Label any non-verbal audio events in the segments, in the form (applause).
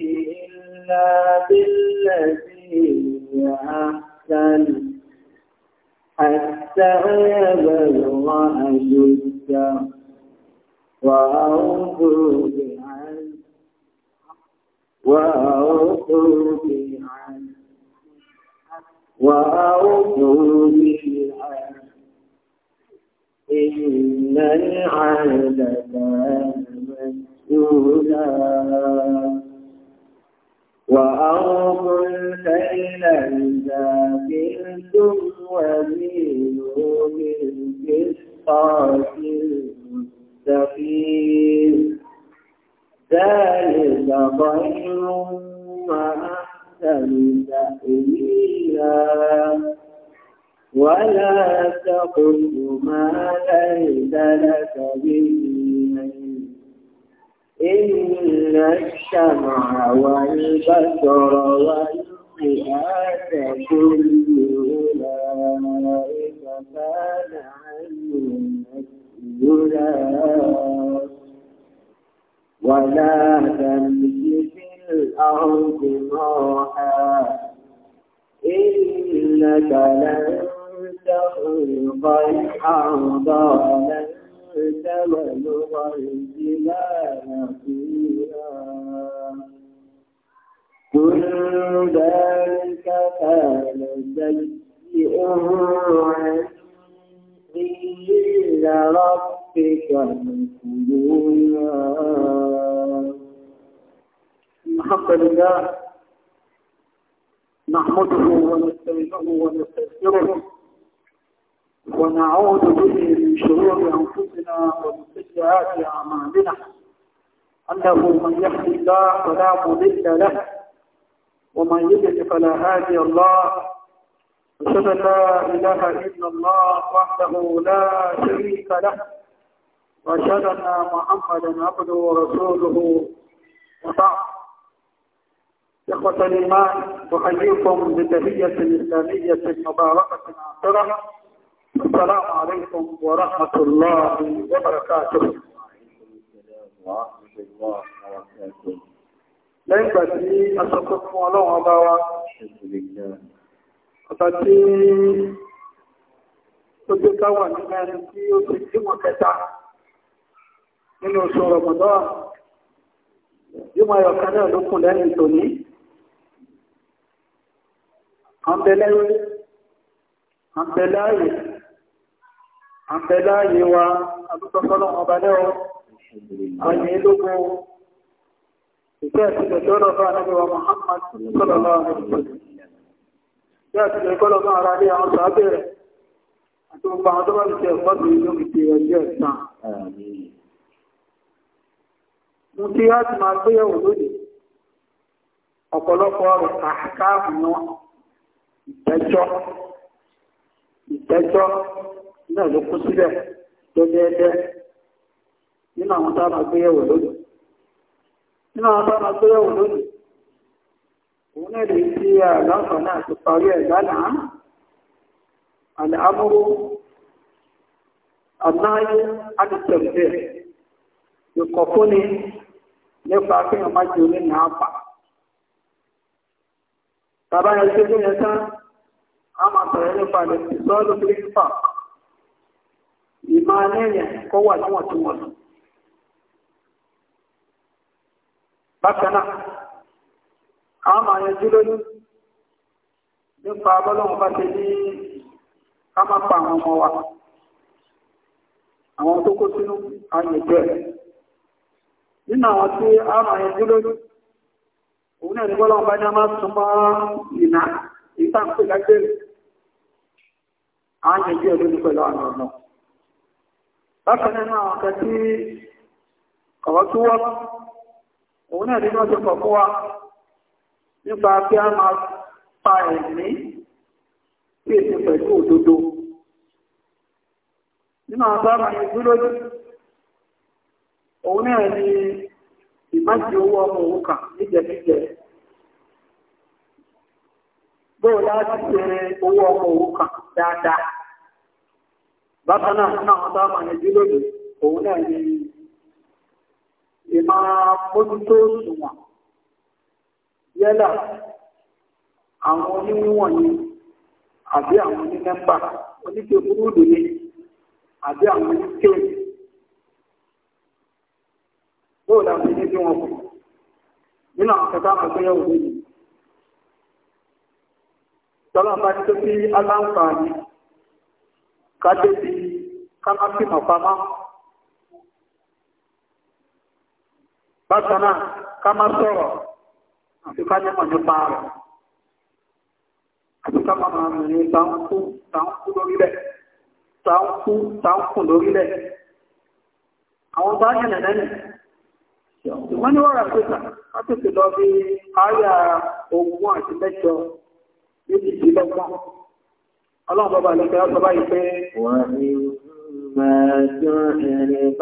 إلا بالذي أحسن حتى يبلغ أشده وأوفوا بعهد وأوفوا بعهد وأوفوا بالعهد إن العهد كان السبلا وأرض الكيل إذا كنتم وزنوا بالقسطاس المستقيم ذلك خير وأحسن تأويلا ولا تقل ما ليس لك به إن السمع والبصر والقياس كل أولئك كان عنه مسؤولا ولا تمشي في الأرض مرحا إنك لن تخلق الأرض لن تبلغ الجبال فيها كل ذلك كان تجزئه إلى ربك مسجونا الحمد لله نحمده ونستغفره ونستغفره ونعوذ به من شرور أنفسنا ومن سيئات أعمالنا أنه من يهد الله فلا مضل له ومن يضل فلا هادي الله أشهد أن لا إله إلا الله وحده لا شريك له وأشهد أن محمدا عبده ورسوله وبعد إخوة الإيمان أحييكم بتهية إسلامية مباركة عطرة السلام عليكم ورحمة الله وبركاته lẹ́yìn ìgbà tí a sọ pé fún ọlọ́run ọba wa ọ̀tà tí ó gbé káwà ní mẹ́rin tí ó ti dímọ̀ kẹta nínú oṣù rọ̀mọ̀dọ́ dímọ̀ ayọ̀kan náà ló kùn lẹ́yìn tòní àbẹ̀lẹ́rẹ́ àbẹ̀lẹ́rẹ́ ambela yìí wa ọba ọ̀pọ̀lọpọ̀ ìtẹ́jọ́ náà ló kú síbẹ̀ dẹ́dẹ́dẹ́ nínú àwọn tá a máa gbéyẹ̀wò lónìí nínú àwọn tá a máa gbéyẹ̀wò lónìí òun náà lè fi àlàáfà náà ti parí ẹ̀ lánàá àlàámúrú àmáyé àtìtẹ̀fẹ̀ ìkọ̀fúnni nípa kí wọ́n máa jẹ́ onínà bàbá yẹn a máa sọ̀rọ̀ nípa lè fi sọ́ọ́lù ìmá anẹ́yìn kọ́ wà níwọ̀n tí wọ́n lọ. nípa abọ́lọ́wọ́n bá ti ní ká máa pa àwọn ọmọ wa. Àwọn tó kó sínú àyẹ̀jẹ́ rẹ̀. Nínú àwọn tí a máa òun náà ní bọ́lọ́wọ́n bá ní a máa ìná ìtàkùn pẹ̀lú àwọn bákan nínú àwọn ọ̀kẹ́ tí ọ̀rọ̀ tó wọ́ òun náà nínú ọjọ́ pọ̀ fún wa nípa kí a máa pa ẹ̀mí tí èsì pẹ̀lú òdodo nínú àwọn sábà ní gúlódì ni ìmájì owó ọmọ òun kà níjẹ̀kíjẹ̀ bóò láti ṣe owó ọmọ òun kà dáadáa bákan náà náà tá a máa yẹjú lónìí òun náà ni ìmọ̀ mójútó òṣùwọ̀n yálà àwọn oníwíwọ̀n ni àbí àwọn onímẹ́mbà oníke burúdù ni àbí àwọn oníke bóò láti ní bí wọn kù nínú àwọn kẹta àgbéyẹ̀wò lónìí tọ́lá bá ti tó sí aláǹfààní kájẹ́sí ká má fi mọ̀ pamọ́ bákan náà ká má sọ̀rọ̀ àti ká nímọ̀ nípa rẹ̀ àti ká má máa rìn ní táńkù táńkù lórílẹ̀ táńkù táńkù lórílẹ̀ àwọn bá yẹn nẹ̀nẹ́ ìwọ́n ni wọ́n rà pẹ́sà látòkè lọ bí àyà ogun àti mẹ́jọ ما تعرضن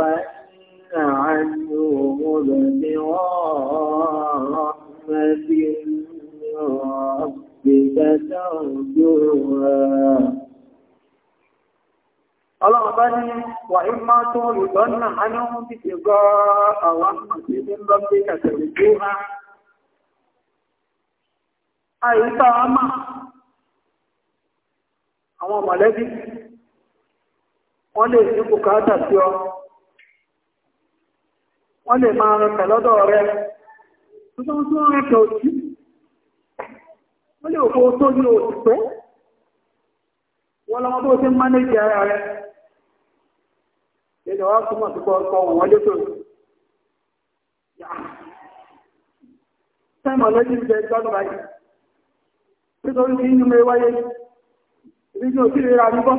عنهم ابتغاء رحمة من ربك ترجوها Ọlọ́run bá ní wà ní máa tó ìdọ́nà anáhùn ti ti àwọn àmàtí wọ́n lè ní bùkátà sí ọ wọ́n lè máa rẹ̀kẹ̀ lọ́dọ̀ rẹ tuntun tí wọ́n rẹ̀kẹ̀ òjú wọ́n lè òkú tó ní òjú pé wọ́n lọ́wọ́ tó ti mánéjì ara rẹ ilẹ̀ wá túnmọ̀ sí kọ́ wọ́n lé tó sẹ́mọ̀ lẹ́jì jẹ́ ìgbàlùmọ̀ yìí nítorí ní inú mẹ́wáyé ìrìnà òkú ìrìnà àrígbọ́n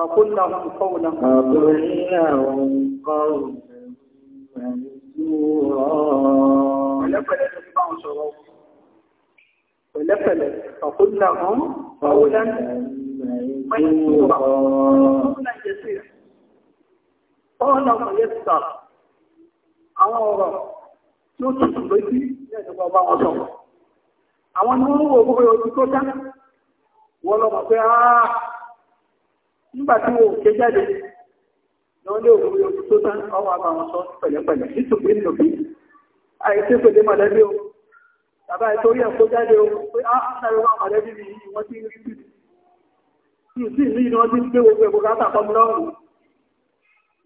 فقل لهم قولا فقل ولفلت فقل لهم قولا قولا يسيرا قولا ميسرا àwọn ní ẹ̀dùnkọ̀ bá àwọn ni wọ́n ń wo gbogbo ojú tó dá wọ́n lọ́mọ̀ pé àà nígbà tí wọ́n ké jáde lọ lé òun yóò tó tán ọwọ́ àbàwọn sọ pẹ̀lẹ́pẹ̀lẹ́ nítorí nìlòbí àìsí pèlé mọ̀lẹ́bí o tàbí àìtórí ẹ̀kọ́ jáde o pé áàrẹwà mọ̀lẹ́bí ni wọ́n ti rí sí i sí ìlú iná tí ń gbé gbogbo ẹ̀kọ́ káàkà fọmú lọ́rùn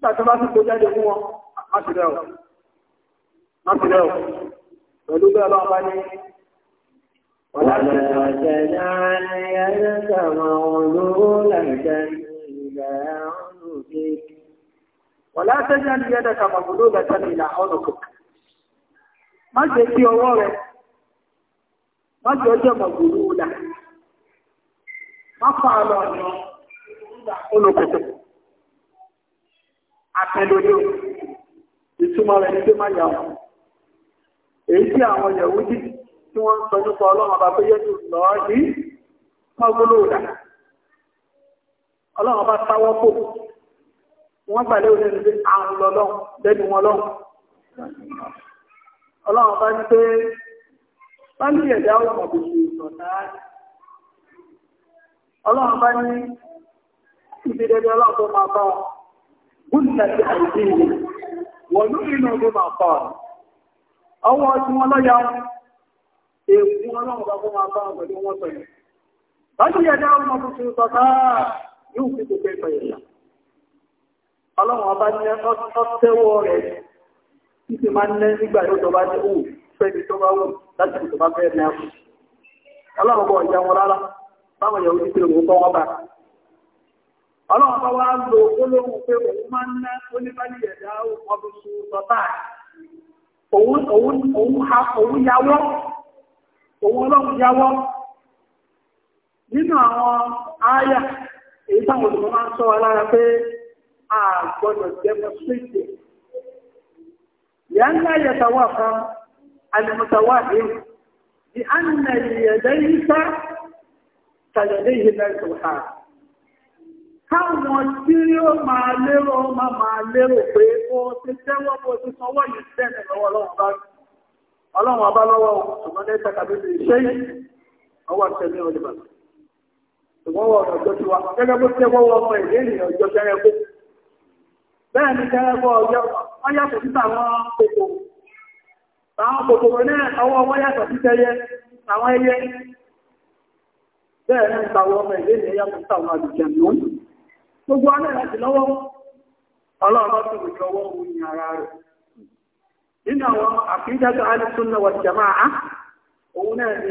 nígbà tí إلى عنقك ولا تجعل يدك مغلولة إلى عنقك má jẹ́ kí ọwọ́ rẹ̀ má jẹ́ ọjọ́ mọ̀gbòrò ọ̀dà má fà ìtumọ̀ rẹ̀ ní pé má yà èyí tí àwọn tí wọ́n ń sọ nípa ọlọ́run lọ́ọ́ ọlọ́run bá sáwọ́ pò wọ́n gbà lérò nínú pé àrùn lọ́lọ́run lẹ́nu wọn lọ́run ọlọ́run bá ní pé báńkì ẹ̀dá ọ̀pọ̀ kò sí ìtọ̀tà ọlọ́run bá ní ibi dẹ́dẹ́ ọlọ́run tó máa bá ọ gúnlẹ̀ sí àìsí ìlú wọ́n ló nínú ọdún máa pa ọ ọwọ́ tí wọ́n lọ́yà ọlọ́run bá kó máa bá ọ pẹ̀lú wọn sọ̀rọ̀ báńkì ẹ̀dá ọ̀pọ̀ kò sí ìtọ̀tà yóò fi gbogbo ẹ̀fọ́ ìyá ọlọ́run ọba ní ọ́tẹ́wọ́ rẹ̀ tí ti máa ń lẹ́ nígbà yóò tó bá ní òwò fẹ́ni tó bá wù láti tó bá fẹ́ ní àpò ọlọ́run bọ̀ ìyá wọn rárá báwọn yẹ̀wò ti pèrò kọ́ wọn bá ọlọ́run bá wá lo olóhùn pé òun máa ń ná oníbàlì ẹ̀dá ọdún sùn sọ́tà òun yáwọ́ òun ọlọ́run yáwọ́ nínú àwọn ááyà èyí táwọn olùkọ́ máa ń sọ wa lára pé a gbọ́dọ̀ demonstrate yà ń láyé tàwa kan alìmọ̀tàwà na yẹ̀dẹ́ yíká yìí lẹ́sùn ha káwọn máa lérò máa máa lérò pé ó ti tẹ́wọ́ bó ti sanwọ́ yìí lọ́wọ́ ọlọ́run ṣùgbọ́n wọ ọ̀nà ọjọ́ tí wa gẹ́gẹ́ bó tẹ́wọ́ wọ ọmọ ìlú ènìyàn ọjọ́ tẹ́rẹ́kú bẹ́ẹ̀ ni tẹ́rẹ́kú ọjọ́ wọ́n yàtọ̀ sí àwọn kòkòrò àwọn kòkòrò náà ọwọ́ wọ́n yàtọ̀ sí tẹ́yẹ àwọn ẹyẹ bẹ́ẹ̀ ni tàwọn ọmọ ìlú ènìyàn yàtọ̀ sí àwọn gbogbo alẹ́ láti lọ́wọ́ ọlọ́run ní ara rẹ̀ nínú àwọn náà wà òun náà ni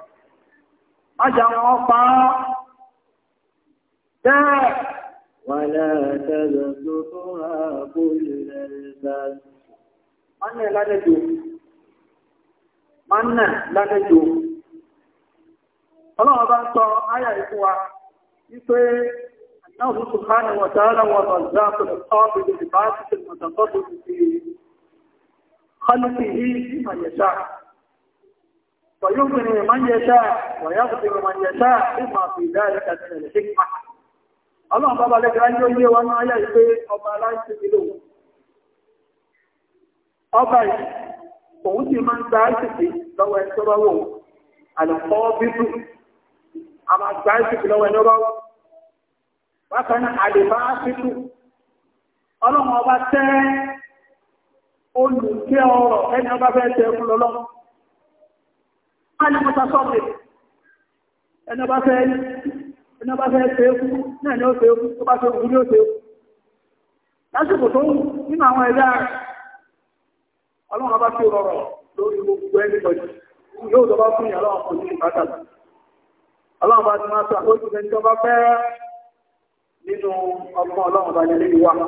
májà wọn pa á bẹ́ẹ̀. wàlẹ́ ẹ̀ẹ́dẹ́gbẹ̀ tó tó rà kó lè rẹ̀ rẹ̀ mánà lálẹ́jọ́ mánà lálẹ́jọ́ ọlọ́wọ́ bá ń sọ ayà ikú wa wípé الله سبحانه ويغني من يشاء ويغفر من يشاء بما في ذلك من الحكمة الله بابا لك أن يولي وانا يا إبي أبا لا يسجلون أبا òun sì máa ń gba ìsìnkì lọ́wọ́ ẹni tó rọ́wọ́ àlùkọ́ bíbù a máa gba ìsìnkì lọ́wọ́ ẹni rọ́wọ́ bákan náà àlèbá bíbù ọlọ́run ọba tẹ́ olùkẹ́ ọ̀rọ̀ ẹni ọba fẹ́ tẹ́ fún lọ́lọ́run máa ní mọ́ta sọ́ọ̀bẹ̀ ẹni ẹni ọba fẹ́ fẹ́ náà ni ó fẹ́ kú tó bá fẹ́ kú ó fẹ́ kú lásìkò tó wù nínú àwọn ẹ̀dá rẹ̀ ọlọ́run ọba fi rọrọ̀ lórí gbogbo ẹni pẹ̀lú yóò tó bá fún ìyá ọlọ́run kò ọlọ́run bá ti máa sọ ẹni tó bá fẹ́ nínú ọgbọ́n ọlọ́run bá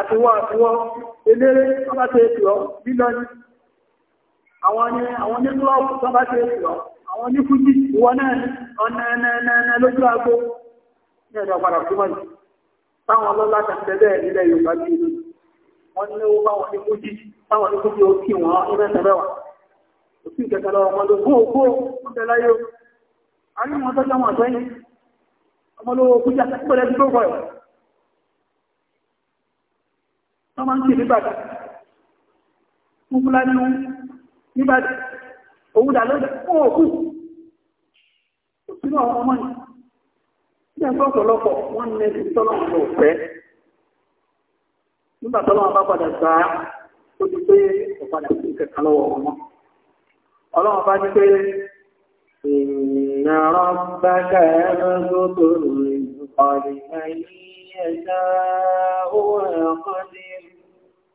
àtiwọ́ àtiwọ́ eléré tó bá ṣe ètò lílọ ní àwọn ní àwọn ní klọ́ọ̀pù tó bá ṣe ètò àwọn ní fújì ìwọ náà ní ọ̀nà ẹ̀nà lójú agbó ní ẹ̀dọ̀ padà tó wọ́n táwọn ọlọ́lá tàbí bẹ́ẹ̀ nílẹ̀ Yorùbá bí inú wọ́n ní owó báwọn ní fújì báwọn ní fújì ó kí wọ́n ní mẹ́ta mẹ́wàá kò sí ìkẹta lọ́wọ́ wọn ló gbóò gbóò ń bẹ láyé o a ní wọn tọ́jú àwọn àtọ́yìn ọmọlówó fújì àtàkùn máa ń kì nígbàdì fún fúlàní nígbàdì òun dà lọ́dẹ̀ fún òkú sínú àwọn ọmọ yìí ní ẹgbẹ́ ọ̀pọ̀lọpọ̀ wọ́n ní ẹni tọ́lọ̀ ọ̀pọ̀ ọ̀fẹ́ nígbà tọ́lọ̀ bá padà gbà á bá ní pé إن ربك يبسط الرزق لمن يشاء ويقدر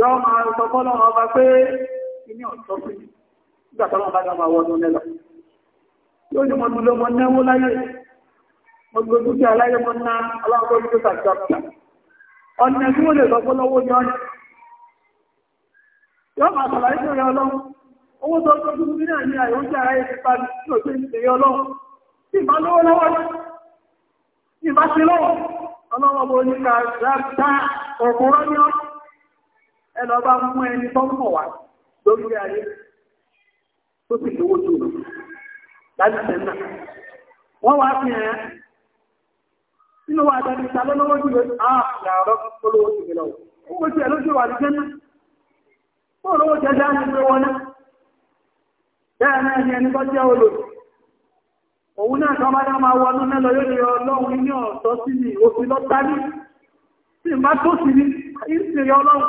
yọ́ máa sọ fọ́lọ́ ọba pé inú ọ̀tọ́ sí nígbà tọ́lọ́ bá dáa máa wọ́n ní lọ. yóò ní mo dúró mo náwó láyé mo dúró dúkìá láyé mo ná ọlọ́run tó dúró tàbí ọ̀pọ̀. ọ̀nà tí wọ́n lè sọ fọ́lọ́wọ́ ni ọ̀nà. yọ́ máa sọ̀rọ̀ ayé sọ̀rọ̀ ọlọ́run owó tó tó dúró ní àyè àyè oúnjẹ ara yẹn ti pa tí ò ọ̀pọ̀ rọ́ ẹlọ bá mú ẹni tó mọ̀ wá lórí ayé tó sì lówó tó lọ láti sẹ́nà wọ́n wá fi hàn wa àtàrí ìta jùlọ olówó jù lọ owó tí ẹ ló ṣe wà ní sẹ́nà ó lówó jẹ dáa ní wọn náà bẹ́ẹ̀ náà ni ẹni jẹ́ olò òun náà bá dá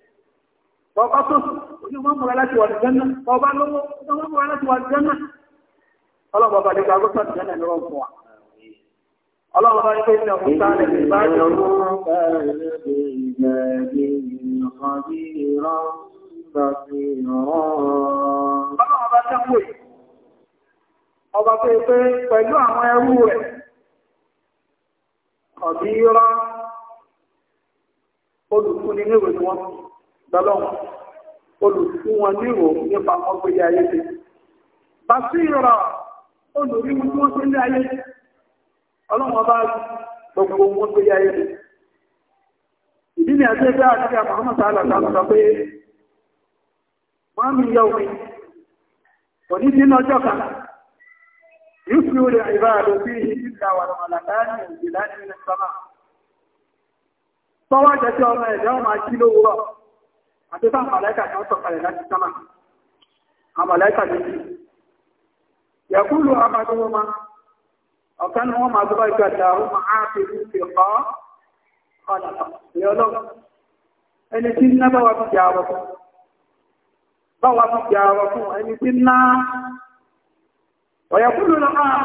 Bọ̀bá tó onímọ̀ múra láti wà jẹ́nà, bọ̀bá lówó, onímọ̀ múra láti wà jẹ́nà. Ọlọ́run bàbá ní gbàgbọ́ sọ̀tì jẹ́nà ní ọ̀fun wa. Ọlọ́run bá ní pé ìlànà òkúta rẹ̀ lè bá jẹ́ Ọlọ́run bá tẹ́kù ọba pé pé pẹ̀lú àwọn ẹrú rẹ̀ ọ̀bí rán olùkúni níwèé ni wọ́n fi. lọ́lọ́wọ́ olùfún wọn nípa ìrò nípa dị. ayé ti bàtí ìrọ̀ olùrímú tí tó ní ayé ọlọ́wọ́n bá gbogbo wọn tó yá ayé ìdí ni àti ẹgbẹ́ àti àmàmà sàálà sàálà pé wọ́n omi kò ní kan ní ọmọ àti fún àmàlẹ́kà kan sọ̀kalẹ̀ láti sámà àmàlẹ́kà méjì yẹ̀kúlù abádúwọ́ ma ọ̀kan ni wọ́n máa tó bá ìgbà dàrú ma á fi rú fi kọ́ ọ̀nà ìyọlọ́ ẹni tí ná bá wà fi jà ọ̀rọ̀ fún bá wà fi jà ọ̀rọ̀ fún ẹni tí ná ọ̀yẹ̀kúlù lọ máa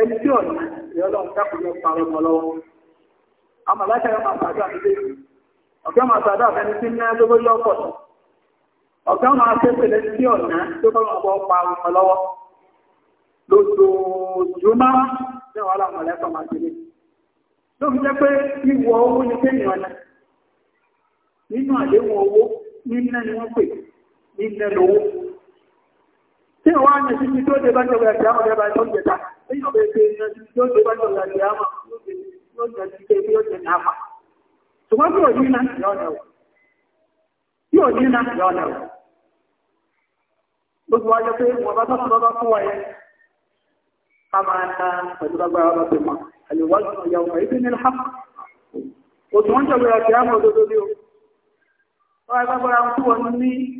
ẹni tí ọ̀nà ìyọ́lọ́ dákùnrin parọ́ mọ́ lọ́wọ́ àmọ́ láti ẹ̀rọ máa sàdúrà nílé ọ̀gá máa sàdúrà fẹ́ni tí ní ẹgbẹ́ lọ́pọ̀ ọ̀gá máa ṣépè lẹ́ni tí ọ̀nà tó kọ́ lọ́wọ́ parọ́ mọ́ lọ́wọ́ lójoojúmọ́ ní wàhálà mọ̀lẹ́kọ̀ máa ti lé ló fi jẹ́ pé ìwọ owó ni kéèyàn ọ̀nà nínú àléwọ̀ owó nínú ẹni wọ́n pè nínú ẹni owó tí wọ́n ní tó wọ́n ní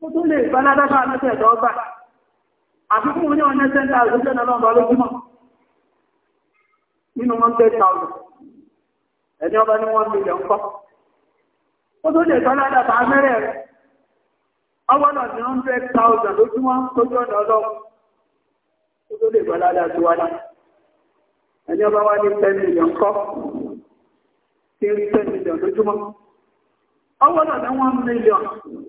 ó tún lè gbá ládábà mẹ́sẹ̀ lọ́gbà àfikún ní ọ̀nà sẹ́ńtà àgbẹ́sẹ̀ náà lọ́gbà lójúmọ̀ nínú wọn tẹ́ tàùlù ẹni ọba ní wọn mílẹ̀ ń kọ́ ó tún lè gbá ládábà mẹ́rẹ̀ rẹ̀ ọgbọ́nà ní wọn tẹ́ tàùlù lójúmọ̀ tójú ọ̀nà ọlọ́run ó tún lè gbá ládábà ẹni ọba wá ní ten million kọ́ kí rí ten million lójúmọ́ ọwọ́ náà ní one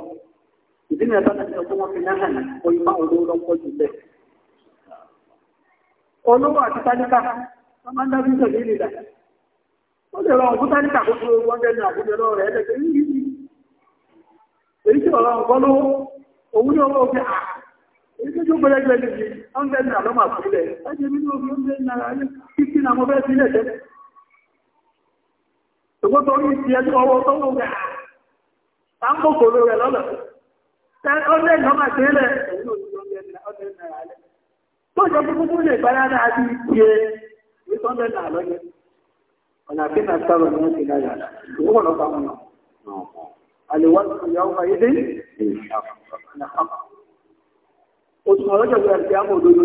ìdí náà bá tẹ̀lé ọkọ̀ wọn fi náà hàn oyè máa olówó pọ̀ jù bẹ́ẹ̀. olówó àti tálíkà wọ́n máa ń dábí ìtẹ̀lé ìlera wọ́n lè rọrùn fún tálíkà kó èyí tí ọ̀rọ̀ ọ̀gbọ́n lówó òun èyí tó jókòó lẹ́gbẹ̀ẹ́ wọ́n fẹ́ ní àlọ́mà ní omi ní tẹ́lẹ̀ ṣùgbọ́n tó ẹjọ́ ọwọ́ tó gbà ń ọdún ẹ̀nà máa ṣe lẹ̀ tó jẹ́ gbogbo lè gbára náà bí i ṣe ìtọ́jẹ́ náà lọ́yẹ́ ọ̀nà àti náà sábà ní wọ́n ti láyà ìwọ́n ọ̀nà bá wọn àlèwọ́n ti yà ọmọ ilé òṣùwọ̀n lọ́jọ́ bí i àmọ́ òdòdó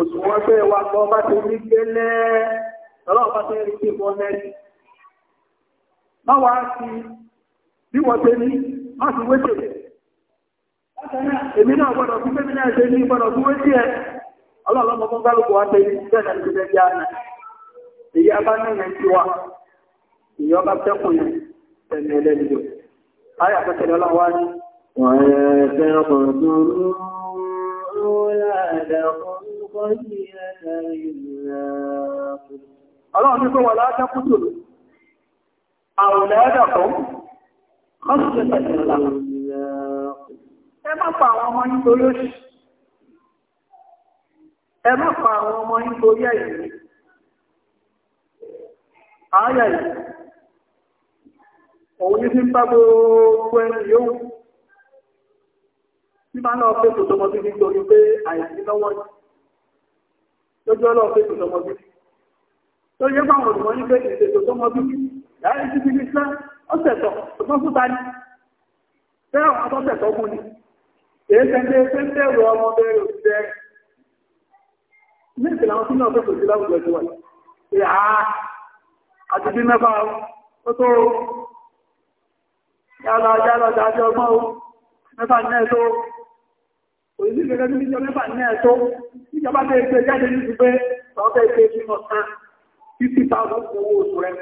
òṣùwọ̀n fẹ́ wa kọ́ bá ti rí gẹ́lẹ́ ọlọ́run bá ti rí sí fọ́ mẹ́rin má wàá fi bí wọ́n ṣe ní má fi wéṣèlè èmi náà gbọ́dọ̀ fún pé mílẹ̀ ṣe ní gbọ́dọ̀ fún wéjì ẹ ọlọ́ọ̀lọ́mọ fún gbálùkù wá tẹ́lẹ̀ ìṣẹ́lẹ̀ ìṣẹ́lẹ̀ jẹ́ àná èyí abá ní ilẹ̀ tí wa ìyọba tẹ́kùn yẹn tẹ̀lé ẹlẹ́dìdò ayà pẹ́tẹ́lẹ́ ọlọ́wà ní wọ́n yẹ ọlọ́run ẹ má pa àwọn ọmọ yín torí òṣì ẹ má pa àwọn ọmọ yín torí ẹ̀yìn ààyà yìí òun ní sí ń bá gbogbo ẹni yóò tí máa lọ pé tòtò ọmọ bíbí torí pé àìsí lọ́wọ́ lójú ọlọ́ pé tòtò ọmọ bíbí tó yẹ fáwọn olùmọ́ ní pé ìṣètò tó mọ bíbí láì sí bíbí sẹ́ Èéṣẹ́ndé ṣe ń bẹ̀rù ọmọ bẹ̀rù òṣìṣẹ́. Ní ìpìlẹ̀ àwọn sínú ọ̀fẹ́ òṣìṣẹ́ láwùjọ ti wà. Ṣé a àti bí mẹ́fà ó tó yára yára dájọ́ ọgbọ́n ó mẹ́fà ní ẹ̀ tó. Òṣìṣẹ́ gẹ́gẹ́ bí níjọ mẹ́fà ní ẹ̀ tó. Ìjọba bẹ́ẹ̀ ṣe jáde ní ti pé ọ̀fẹ́ ṣe fi mọ̀ tán fifty thousand owó oṣù rẹ̀.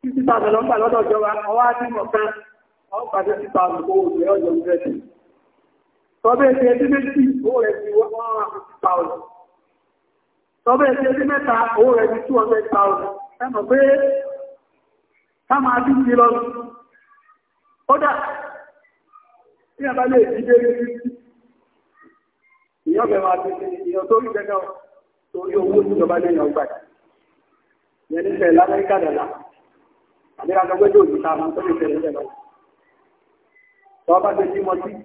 Fifty thousand lọ́gbà lọ́dọ̀ ìjọba, ọwá ti mọ̀ tán, ọ̀pàdé fifty Tọ́bẹ̀ ti ẹdí méjì owó rẹ̀ ti 100,000. Tọ́bẹ̀ ti ẹdí mẹ́ta owó rẹ̀ ti 200,000. Ẹ mọ̀ pé ká máa bí ti lọ. Kódà, tí a bá lè jíde lórí ìyọ́bẹ̀ máa ti ti ìyọ́ tó rí gẹ́gẹ́ torí owó ìjọba lẹ́yìn ọgbà. Yẹn ní fẹ̀ lámẹ́ríkà dàlá. Àbíkà sọ pé tó ìjọba máa tó lè fẹ̀ lọ́wọ́. Tọ́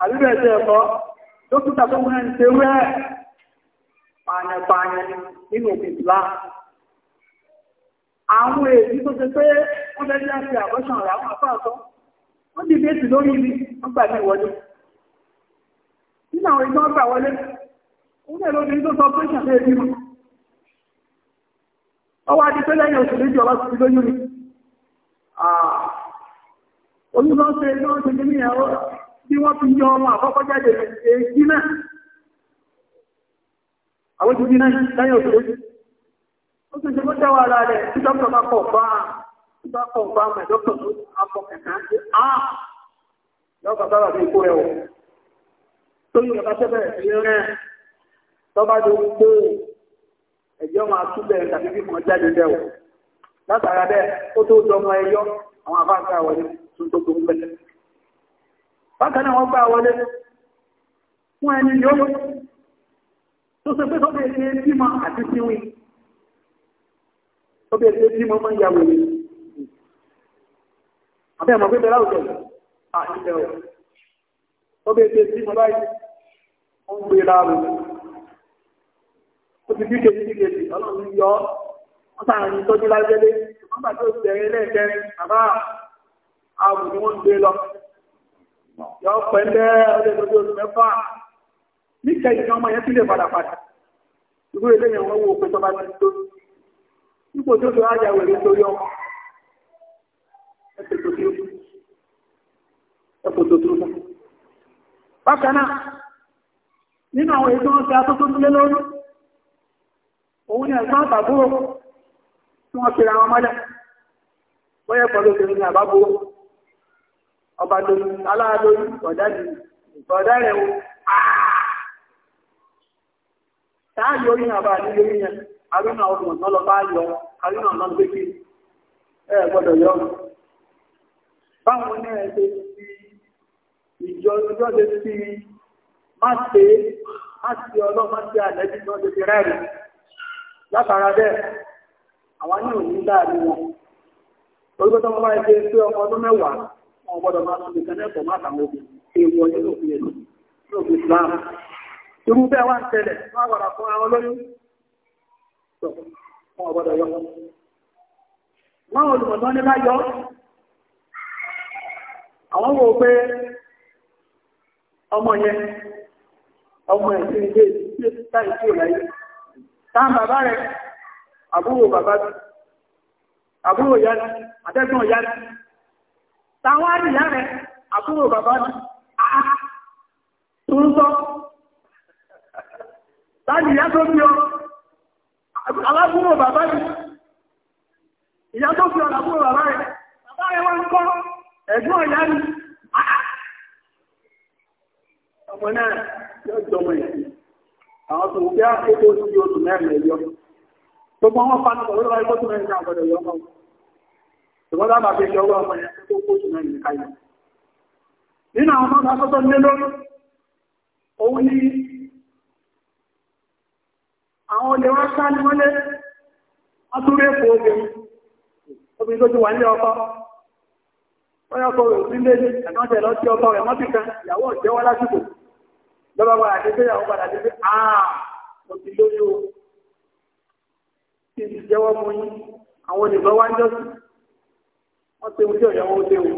àbíbẹ̀ẹ́sẹ̀ àwọn èyí tó ṣe pé wọ́n lẹ́ àti àbọ́ṣàn rẹ̀ àwọn àfáàtọ́ wọ́n di bẹ́ẹ̀sì lórí ibi wọ́n gbà ní ìwọlé nínú àwọn ìjọ gbà wọlé oúnjẹ lóbi tó sọ pé ṣàfẹ́ ẹbí mọ́ ọwọ́ àti pé lẹ́yìn oṣù méjì ọlọ́sì ti tí wọ́n fi yọ ọmọ àkọ́kọ́ jáde èyí náà àwọn ti dínà lẹ́yìn òṣèré ó tún ṣe mọ́jọ́ wà rẹ̀ tí dókítà bá kọ̀ bá bá kọ̀ bá mẹ́ dókítà tó apọ̀ kẹta ṣe á lọ́kọ̀ bá wàá fi kó ẹ̀ o tó yìí lọ́kọ̀ tẹ́bẹ̀ sí rẹ̀ tó bá di gbó ẹ̀jẹ̀ ọmọ àtúbẹ̀ tàbí bímọ jáde bẹ́ o látara bẹ́ẹ̀ ó tó dọmọ ẹyọ àwọn àbáǹkà wọlé tó tó gbogbo pẹ̀lẹ́ bákan náà gbá wọlé fún ẹni yóò tó ṣe pé tó bèèrè ní ẹbímọ àti síwí tó bèèrè ní ẹbímọ mọ́ ìyàwó rẹ̀ àbẹ́ ẹ̀mọ̀ pípẹ́ láwùjọ àti ẹ̀rọ tó bèèrè ní ẹbímọ báyìí ó ń gbé láàrù ó ti bíkè ní bíkè sí ọlọ́run yọ wọ́n sáàrin tọ́jú lájẹ́lé wọ́n gbà tó bẹ̀rẹ̀ lẹ́ẹ̀kẹrin àbá ààbò wọ́n gbé lọ yọ pẹ̀lẹ́ ọdẹ lójú oṣù mẹ́fà níkẹ́ ìkan ọmọ yẹn tí lè padà padà ìlú ilé yẹn wọ́n wo pé tọba ti tó ipò tó tó rájà wèrè torí ọmọ ẹ̀pẹ̀ tó tó ẹ̀pẹ̀ tó tó bákan náà nínú àwọn lórí òun ni àtàbúrò tí fi ra wọn àbábúrò ọba lórí alára lórí ọ̀dájú ìfọ̀dá rẹ̀ o táà lórí yàn bá ní lórí yàn arúnà ọmọ náà lọ bá yọ arúnà náà gbé ẹ gbọ́dọ̀ yọ báwọn náà ẹ ṣe fi ìjọ ìjọ ṣe fi má ṣe má ṣe ọlọ́ ṣe wọn gbọ́dọ̀ máa tún nìkan lẹ́kọ̀ọ́ máa tàwọn obì èèwọ̀ nínú òfin èlò ní òfin Islam irú bẹ́ẹ̀ wá ń tẹ̀lẹ̀ wọ́n gbọ́dọ̀ fún àwọn olóyún wọn yọ ní bá yọ àwọn pé ọmọ yẹn ọmọ ẹ̀sìn ilé ìdílé tí ò láyé tá bàbá àbúrò bàbá àbúrò yá àtẹ́gbọ̀n yá táwọn àríyá rẹ̀ àbúrò bàbá ní àá tó ń sọ láti ìyá tó ọ bàbá ní ìyá tó ọ bàbá rẹ̀ bàbá rẹ̀ wọ́n kọ́ ẹ̀gbọ́n ìyá ah, ah. ọmọ náà àwọn tó ṣùgbọ́n òun ni àwọn olè wá ká ní wọ́lé wọ́n tún rí èkó obìnrin obìnrin tó ti wà ní ọkọ wọ́n yọ́kọ̀ rẹ̀ sí lé ní ẹ̀nà lọ sí ọkọ rẹ̀ mọ́tì ìyàwó ọ̀jẹ́ wá lásìkò lọ́ba padà wọ́n tẹ́wọ́n tí ọ̀yà wọ́n léwu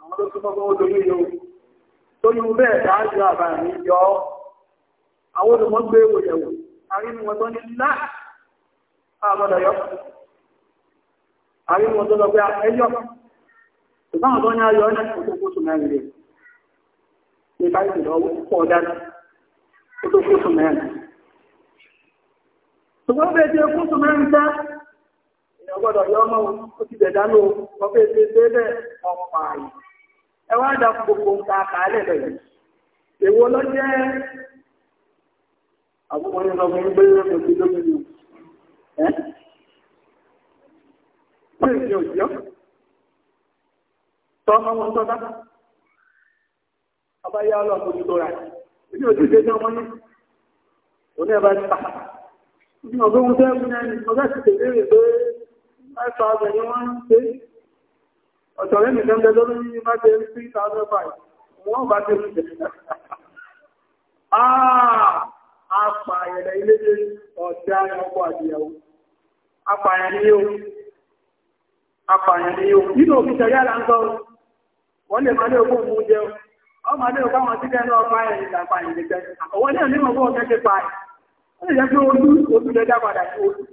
àwọn tó súnmọ́ wọ́n lórí yóò tó yún bẹ́ẹ̀ dáájú àbá mi yọ ọ́ àwọn olùmọ́ gbé wò yẹ̀wò àrínú wọn tó ní ńlá àbọ̀dọ̀ yọ àrínú wọn tó lọ pé ẹyọ ṣùgbọ́n àwọn tó ní ayọ̀ ní òkúkúsù mẹ́rin rẹ̀ ní báyìí lọ́wọ́ pọ̀ dáná òkúkúsù mẹ́rin ṣùgbọ́n bẹ́ẹ̀ tí èèyàn gbọ́dọ̀ yọ ọmọ ó ti bẹ̀dá ló wọ́n fẹ́ ṣe ṣe bẹ́ẹ̀ ọmọ ààyè ẹ wá dà gbogbo nǹkan àkàálẹ̀ bẹ̀rẹ̀ èwo ló jẹ́ àwọn ọmọ yẹn lọ́mọ gbé ẹ̀mọ́ sí lómìnira ẹ́ ṣé ìṣe òṣìṣẹ́ tọ́ ọmọ wọn tọ́ta ọba yá ọlọ́pọ̀ ojútó rà ní òjúté ní ọmọ yẹn òní ẹ̀bá ti pa ní ọgbẹ́ wọn tẹ́ ẹ̀kú náà ní ọgbẹ́ ti tẹ̀lé rẹ̀ pé 5,000 ni wọ́n ń pé ọ̀tọ̀rẹ́ mi lọ́gbẹ́ lórí ní bá jẹ́ 3,500 wọ́n bá jẹ́ oúnjẹ apààyẹ̀lẹ̀ ilé jẹ́ ọ̀dá ọkọ̀ àdìyàwó apààyẹ̀lẹ̀ yóò nínú òfíṣẹ́ yára ń sọ wọ́n lè máa lé ogún mú jẹun ọmọ adé ọkọ̀ àwọn síkẹ́ náà pààyẹ̀ ìdàpààyẹ̀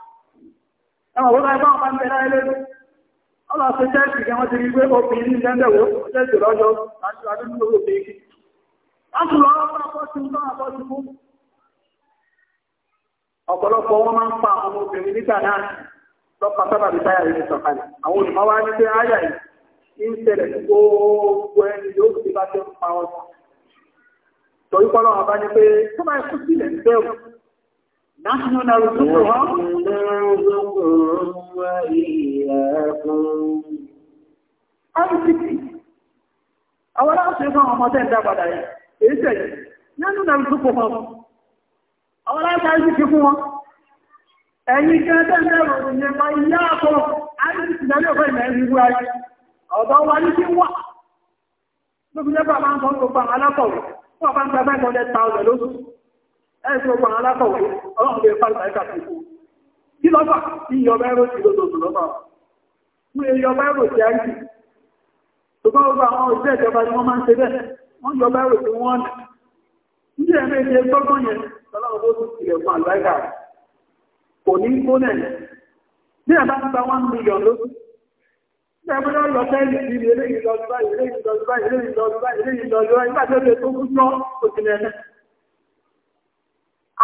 ẹwọ̀n wọ́n bá ẹgbọ́n pa ń tẹ́lá ẹlẹ́rú ọlọ́ sí tẹ́ẹ̀sì kí wọ́n ti rí pé obìnrin lẹ́ndẹ̀wó tẹ́ẹ̀sì lọ́jọ́ láti adúlú lórí obìnrin láti lọ ọlọ́pàá pọ́ sí ọlọ́pàá pọ́ sí fún ọ̀pọ̀lọpọ̀ wọn máa ń pa àwọn obìnrin níta náà lọ́pàá sábà bí táyà yìí sọ̀kalẹ̀ àwọn olùmọ̀ wá ní pé áyà yìí ń ṣẹlẹ̀ ní gbogbo ẹni yóò ti bá tẹ́ pa wọn torí pọ́lọ́ bá ní pé وإياكم أرسكي أولا أصيبا ومتين دابدا إيه سيدي nínú ìdàrí tó kò fọ́nà àwọn látàrí sí fún wọn ẹ̀yìn kẹta mẹ́rọ ìyẹ̀mọ̀ ìyá àpọ̀ àìsìsì lórí ọ̀fẹ́ ìmẹ̀ ìrú ayé ọ̀dọ́ wa ní kí wà lóbi lẹ́bà máa ń sọ gbogbo àwọn alákọ̀wé fún àbá ń gba 500,000 lóṣù ẹ̀sùn gbogbo àwọn alákọ̀wé ọlọ́run lè fà kí lọ́fà iyọ̀ mẹ́rò sí lóṣooṣù lọ́fà fún iyọ̀ mẹ́rò sí àìsí ṣùgbọ́n ọgbà àwọn òṣìṣẹ́ ìjọba ni wọ́n máa ń ṣe bẹ́ẹ̀ wọ́n yọ mẹ́rò sí wọ́n nà ní ẹ̀mẹ́ ilé gbọ́gbọ́n yẹn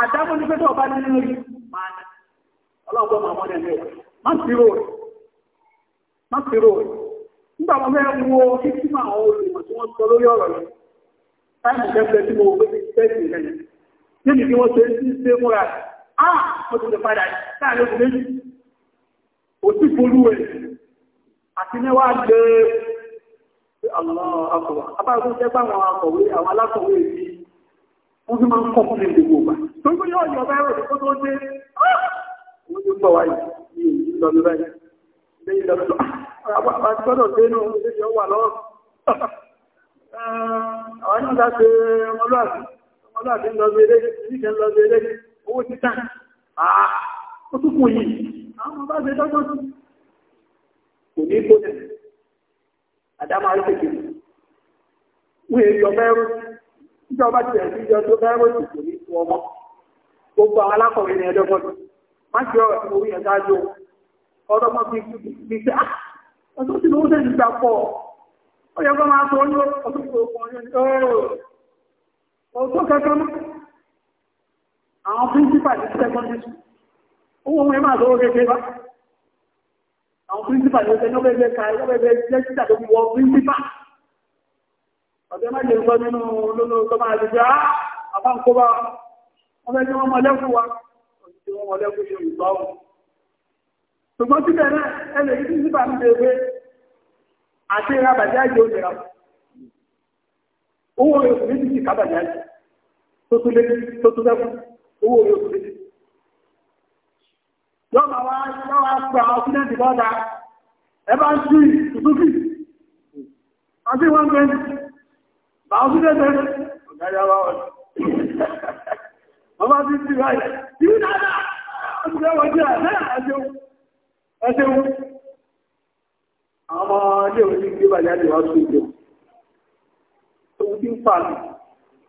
àdámọ́ ní pẹ́tọ́ ọba nínú rí ọlọ́gbọ́n máa mọ́lẹ̀ rẹ̀ má sí rò rẹ̀ má sí rò rẹ̀ nígbà wọn fẹ́ wo ìsìnkú àwọn olùmọ̀ tí wọ́n sọ lórí ọ̀rọ̀ rẹ̀ táìmù kẹfẹ́ tí mo wọ́n fi tẹ́sì rẹ̀ níbi tí wọ́n ṣe ń sí ṣe múra ah mo ti lè padà láàrin oṣù méjì òsì polú rẹ̀ àti mẹ́wàá gbé àwọn akọ̀wà abáyọ̀kọ́ jẹ́ pé àwọn akọ̀wé àwọn alákọ̀wé yìí wọ́n fi máa ń kọ́ fún mi gbogbo ìgbà torí pé yóò yọ bẹ́rẹ̀ tó tó dé wọ́n ti ń bọ̀ wáyé ní èyí lọ bí báyìí lẹ́yìn lọ sọ àwọn àtọ́dọ̀ tó inú ilé yọ wà lọ́wọ́ àwọn náà láti ọmọlúwàbí ọmọlúwàbí lọ sí eléyìí ìdíkẹ́ lọ sí eléyìí owó títà ah, ó tún kù yìí àwọn bá ṣe dọ́gbọ́n sí kò ní kó tẹ̀ àdámà rí kékeré wọ́n èyí ọmọ ẹrú ìjọba tiẹ̀ sí ìjọ tó bẹ́ẹ̀rù sì ní ọmọ gbogbo àwọn alákọ̀wé ni ẹjọ́ gbọ́dọ̀ má ah, àwọn píríncípà ní secondary owó wọn máa lówó gẹ́gẹ́ bá àwọn píríncípà ní ọjọ́ lọ́bẹ̀ẹ́gbẹ́ ka lọ́bẹ̀ẹ́gbẹ́ lẹ́sítà tó wọ píríncípà ọ̀dẹ́ má jẹ́ nǹkan nínú lólóòtọ́ máa tí wọ́n wọlé kó ṣe ìgbáwò ṣùgbọ́n síbẹ̀ náà yọ́wà pẹ̀ àwọn sílẹ̀ntì ẹbá ń sí àti wọ́n bẹ́ẹ̀ bá àwọn sílẹ̀ntì ọ̀gáyàwó ọ̀dọ̀ Màmá bí ti ráyè, ìwé dáadáa, ọdún ẹwọ̀n jẹ́ àdáyà àjẹun, ilé òní gbé bàjá lè wá sí ìjọ. Òun ti ń fà mí.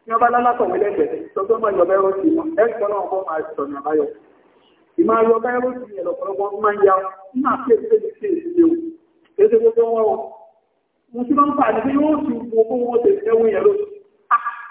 Ní ọba lálátọ̀ wọlé ẹgbẹ̀ẹ́, máa yọba ẹrọ sí wọn, ẹgbẹ́ náà kọ́ máa sọ̀nà àbáyọ. Ìmọ̀ ayọba ẹrọ sí ẹ̀lọ̀pọ̀lọpọ̀ máa ya, ń máa ní ṣe ìṣe o. Èdè gbogbo wọn Mo ti máa ń fà ní bí wọ́n ti wo bó wọ́n ti lóṣù.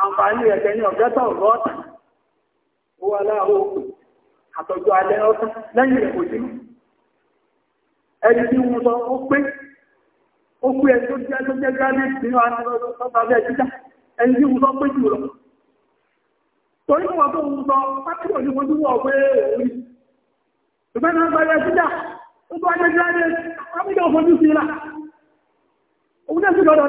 àǹfààní ẹ̀kẹ́ ní ọ̀gẹ́ta ọ̀rọ̀ ọ̀tà ó wà láàárọ̀ òkú àtọ́jú alẹ́ ọ̀tà lẹ́yìn rẹ̀ kò dínú ẹni tí wọ́n sọ ó pé ó pé ẹni tó jẹ́ tó jẹ́ gánà nínú aṣọ sọ́ta bẹ́ẹ̀ jíjà ẹni tí wọ́n sọ pé jù lọ torí wọn tó ń sọ pátíkọ̀ ní wọ́n dúwọ́ pé òun ṣùgbọ́n náà gbáyé jíjà ó tó wájẹ́ gánà ọmọdé òfin sí la òun náà sì lọ́dọ̀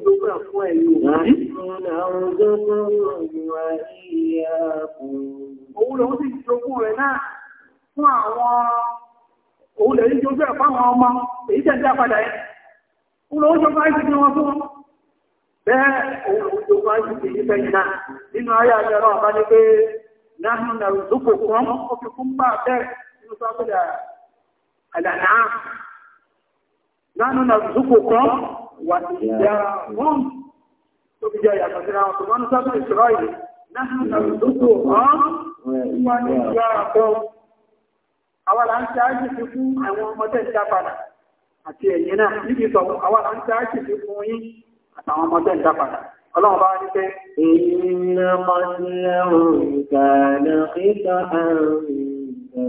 gbà fún ẹ̀yìn òun lòun sì jogún ń dá ní wọn fún bẹ́ẹ̀ òun nínú ayé àjẹrọ ní pé náà fún bá bẹ́ẹ̀ nínú náà wà sí ìjára wọn tó fi jẹ́ ìyàtọ̀ síra wọn tó mọ́nú sábà ìṣòro ìlú náà nàbì tó tó hàn wà ní ìjára tó àwọn là ń ṣáájì fi fún àwọn ọmọdé ìjà padà àti ẹ̀yìn náà níbi ìsọ̀rọ̀ àwọn là ń ṣáájì fi fún yín àtàwọn ọmọdé ìjà padà ọlọ́run bá ní pé iná mọ́sílẹ̀hùn ìkàlẹ̀ ìtọ́ àrùn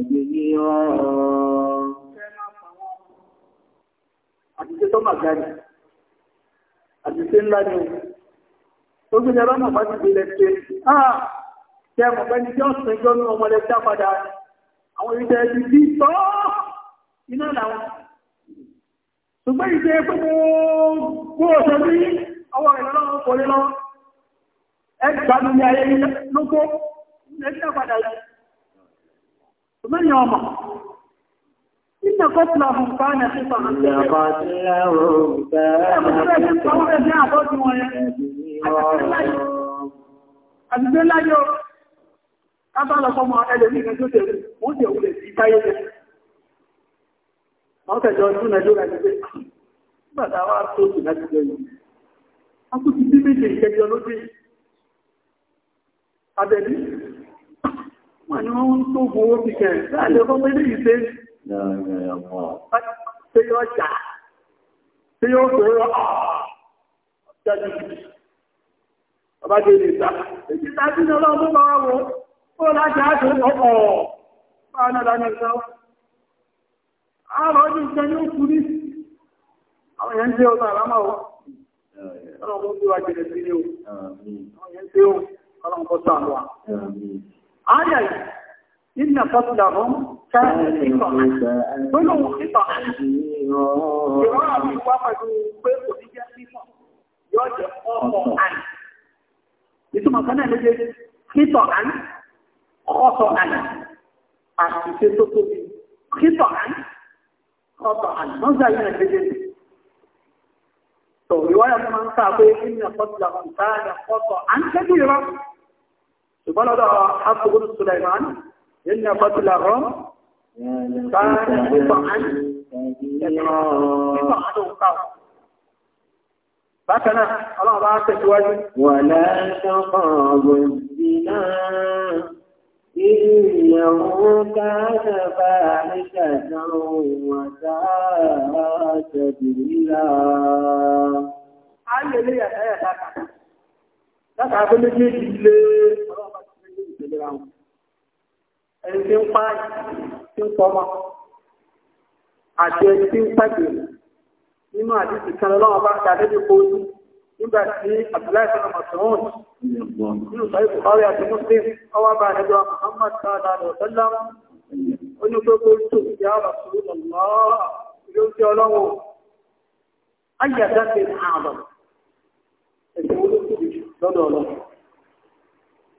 ìgbàgbé àtìsí ńlá ni ó gbé ní ọlọ́nà bá ti gbélé pé áà tẹ mọ̀ pé ní tí wọ́n sìn jọ́nú ọmọ rẹ̀ dá padà àwọn ìṣẹ́ ti bí tọ́ iná làwọn ṣùgbọ́n ìṣe pé gbogbo ọ̀sẹ̀ إن قتلهم كان خطأ إن قتلهم كان خطأ Àdìgbéláyọ́, abálọ̀fọ́mọ̀ ẹlẹ́rí ìgbẹ́jọ́ tẹ̀lé, wọ́n tẹ̀ wùlẹ̀ sí táyé jẹ́. Wọ́n tẹ̀jọ ọdún Nàìjíríà ti pé, bàtà wá tó sì láti jẹ́ yìí. A kú ti bí méjì ìkẹjọ lójú abẹ̀bí. Wọ́n ni wọ́n Ṣé yóò jà? Ṣé yóò sọ̀rọ̀ ọ̀ṣẹ́jú? Ọba jẹ́ ìrìta. Ìjìta sí ni ọlọ́run bá wá wo, ó láti áṣù ọkọ̀ bá náà dání ìsáwọ́. Àrọ̀ ọdún ìṣẹ́ ní ó kú ní àwọn èèyàn jẹ́ ọba àlámà wọ́n. Ọlọ́run bí wá jẹ́ sí ní ó. Àwọn èèyàn jẹ́ ó. Ọlọ́run kọ́ إن فضلهم كان خطأ كلهم خطأ قراءة وقفوا بيقوا في جهة يوجد خطأ ìtumọ̀ kan náà léde kítọ̀ án kọ́tọ̀ án àṣìṣe tó tóbi kítọ̀ án kọ́tọ̀ án wọ́n sáré náà léde tó ìwáyà tó máa ń sáà pé kí ní ọ̀pọ̀tìlá kan sáà kọ́tọ̀ án إن قتلهم كان قطعا قطعا قطعا بكنا الله بعث تواجه ولا تقاض الزنا إنه كان فاحشة وساء سبيلا ayé ilé ẹ̀ẹ́dẹ́gbẹ̀ta látàkùn méjèèjì lé ọlọ́pàá ti méjèèjì lé ra wọn ẹni tí ń pa tí ń pọmọ àti ẹni tí ń pẹ̀lú nínú àdìsí kan lọ́wọ́ bá dàdé ní kóòtù nígbà tí Abdullahi fún ọmọ sọ̀rọ̀ nínú sọ ọrẹ Muhammad sallallahu alaihi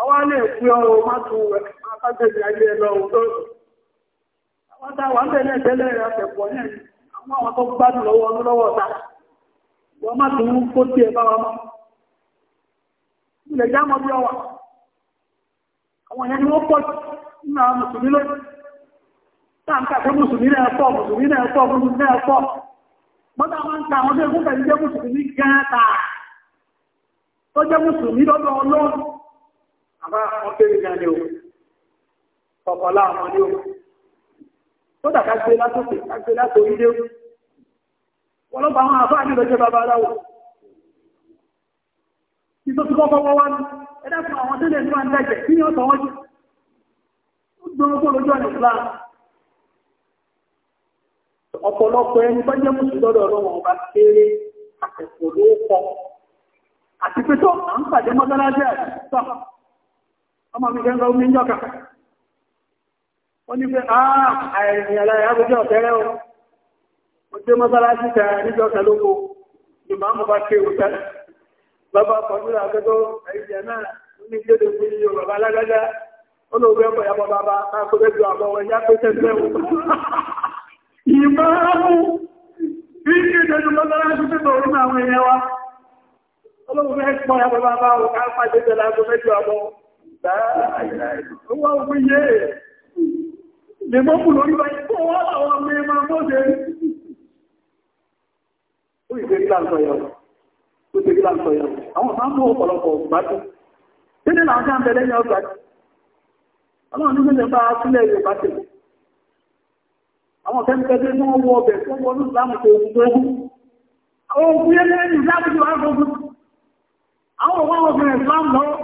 ọwọ́ lè fi ọrụ mátò àtàgbègbè ayé ẹlọ òdòdó àwọn táwà ń bẹ̀rẹ̀ tẹ́lẹ̀ àtẹ̀pọ̀ ní àwọn àwọn tó gbádùn lọ́wọ́ lọ́wọ́ ta wọ́n má wa mọ́ ilẹ̀ jámọ́ bí ọwà àwọn ìyẹn ni wọ́n àbá àwọn kéré gan ni o ọ̀pọ̀lá àwọn ni o tó dàka gbé látòkè àgbé látòrí dé wọn lọ́pàá àwọn àbá àjọ lọ́jọ́ babaláwo tí tó ti kọ́kọ́ wọ́wọ́ ní ẹ̀dá fún àwọn ni ọ̀tọ̀ wọ́n jù ó gbọ́nà lójú ọ̀nà Islam ọ̀pọ̀lọpọ̀ ẹni bá jẹ́ mùsùlùmí lọ́dọ̀ ọlọ́wọ́ ọba kéré àtẹ̀kọ̀ ló kọ àti pé tó à ń pàdé mọ́tálásí àti ọmọ mi gẹ́gẹ́ omi jọ́ka wọ́n ní pé ààrẹ̀ aláyà ni máa mọ́ bá ké òtẹ́ bàbá kọ̀dúrà akẹ́kọ̀ọ́ ẹ̀yẹ náà ní ìjẹ́dẹ̀ fún iye bàbá alágbádá olóògbé ọkọ̀ ìyàbọ̀ bàbá akọ̀dẹ́ ju àbọ̀ wọn yá pé tẹ́sẹ̀ wò ìmáàmù bí ìjẹ́dẹ̀ mọ́sálásí tẹ́tọ̀ orúkọ àwọn èèyàn wa olóògbé ẹ̀kọ́ ìyàbọ̀ bàbá òkà pàdé tẹ́lẹ̀ Ọwọ́ òfin yé lè mọ́ kù lórí báyìí kó wá àwọn ọmọ ẹmọ mọ́ṣe. Ó ìfẹ́ kí láǹtọ̀ yọ. Ó ìfẹ́ kí láǹtọ̀ yọ. Àwọn ọ̀sán mú ọ̀pọ̀lọpọ̀ gbádùn. Tí ní làwọn sáà ń bẹ̀rẹ̀ yọ gbà. Ọlọ́run ní mẹ́lẹ̀ bá sílẹ̀ yóò bá tẹ̀lé. Àwọn ọ̀fẹ́ ń tẹ́lẹ̀ mọ́ wọ ọbẹ̀ tó wọnú láàmù tó wù tó wù. Àwọn òkú yẹn lẹ́yìn láàmù tó wà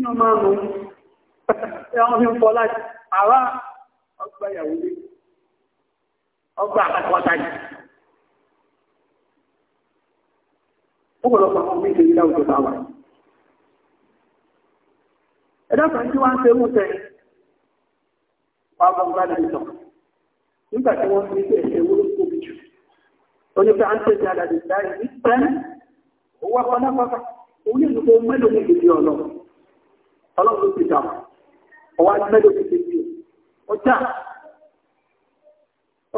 ní ọmọ àrùn ẹwọ́n fi ń fọ́ láti ọgbà ìyàwó lé ọgbà àkọ́tàjì ọ̀pọ̀lọpọ̀ àwọn méjì ní láwùjọ bá wà ẹ̀dá kan tí wọ́n ń ṣe wúṣẹ́ wàá bọ́n bá lè Onye nígbà tí wọ́n fi ṣe ẹ̀ṣẹ̀ wúrú jù ó ní pé à ń ọlọ́run ló ti dà wọ́n ọwọ́ adúmẹ́lẹ́ ti tẹ̀lé ọjà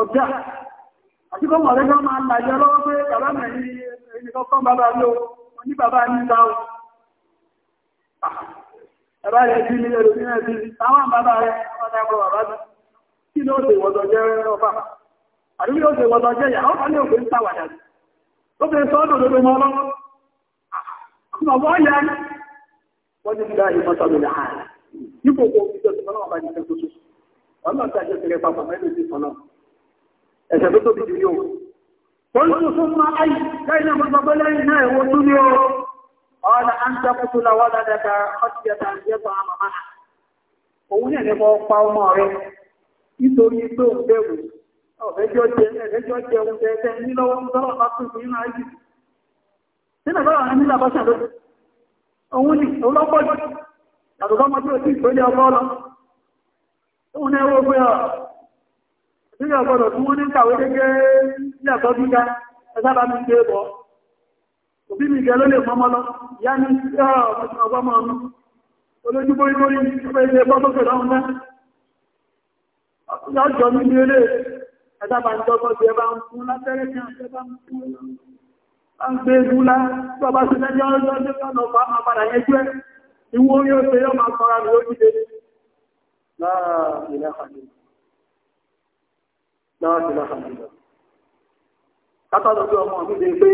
ọjà àti kọ́ mọ̀rẹ́ náà máa làyẹ lọ́wọ́ pé bàbá mẹ́rin ẹnìkan fún bàbá ló ní bàbá ní ìta o ẹ̀bá ah. rẹ̀ sí ní ẹ̀rọ ní ẹ̀sìn táwọn bàbá rẹ̀ ọ̀dà ẹ̀kọ́ bàbá mi kí ló ṣe wọ́dọ̀ jẹ́ ọba àdúgbò ṣe wọ́dọ̀ jẹ́ ìyàwó kan ولله مثل العالى يبقى في الصلاة بعد الخصوص والله تعالى كده بابا ما يدري الصلاة إذا بدو فيديو قلت ثم أي كاين مضبلين هو الدنيا قال أن تقتل ولدك خشية أن يطعم معك òun náà ní kọ́ pa ọmọ rẹ̀ nítorí pé òun bẹ̀rù ọ̀fẹ́jọ́ jẹ ẹ̀fẹ́jọ́ jẹ oúnjẹ ẹ̀fẹ́ nílọ́wọ́ ń tọ́lọ̀ bá tún sí nínú àìsí. nínú àbára ní lábọ́sà lójú òun ni ọlọ́pọ̀jù àtùkọ́mọ́ tí ó sì pẹ̀lẹ̀ ọlọ́lọ́ òun ẹwọ́ pé ọ̀ sílẹ̀ ọgbọ̀dọ̀ tí wọ́n ní kàwé gẹ́gẹ́ ilẹ̀-ẹ̀kọ́ gíga ẹgbàbà mi gbé bọ̀ òbí mi gẹ ló lè mọ́mọ́ lọ ìyá ní ọgbọ́mọ́ ọmọ olójúgbó lórí ọgbẹ́gbẹ́ pọ́pọ́pẹ́ lọ́wọ́ ọjọ́ mi ah, ní ilé ẹgbàbà ń dọ́gbọ́ ń gbé rúlá tó bá sí lẹ́jọ́ ọjọ́ tó kọ́ lọ máa padà yẹn jẹ́ ìwọ orí oṣù yọ máa kọ́ra mi lójúde látọ̀lọ́gbé ọmọ mi lè pé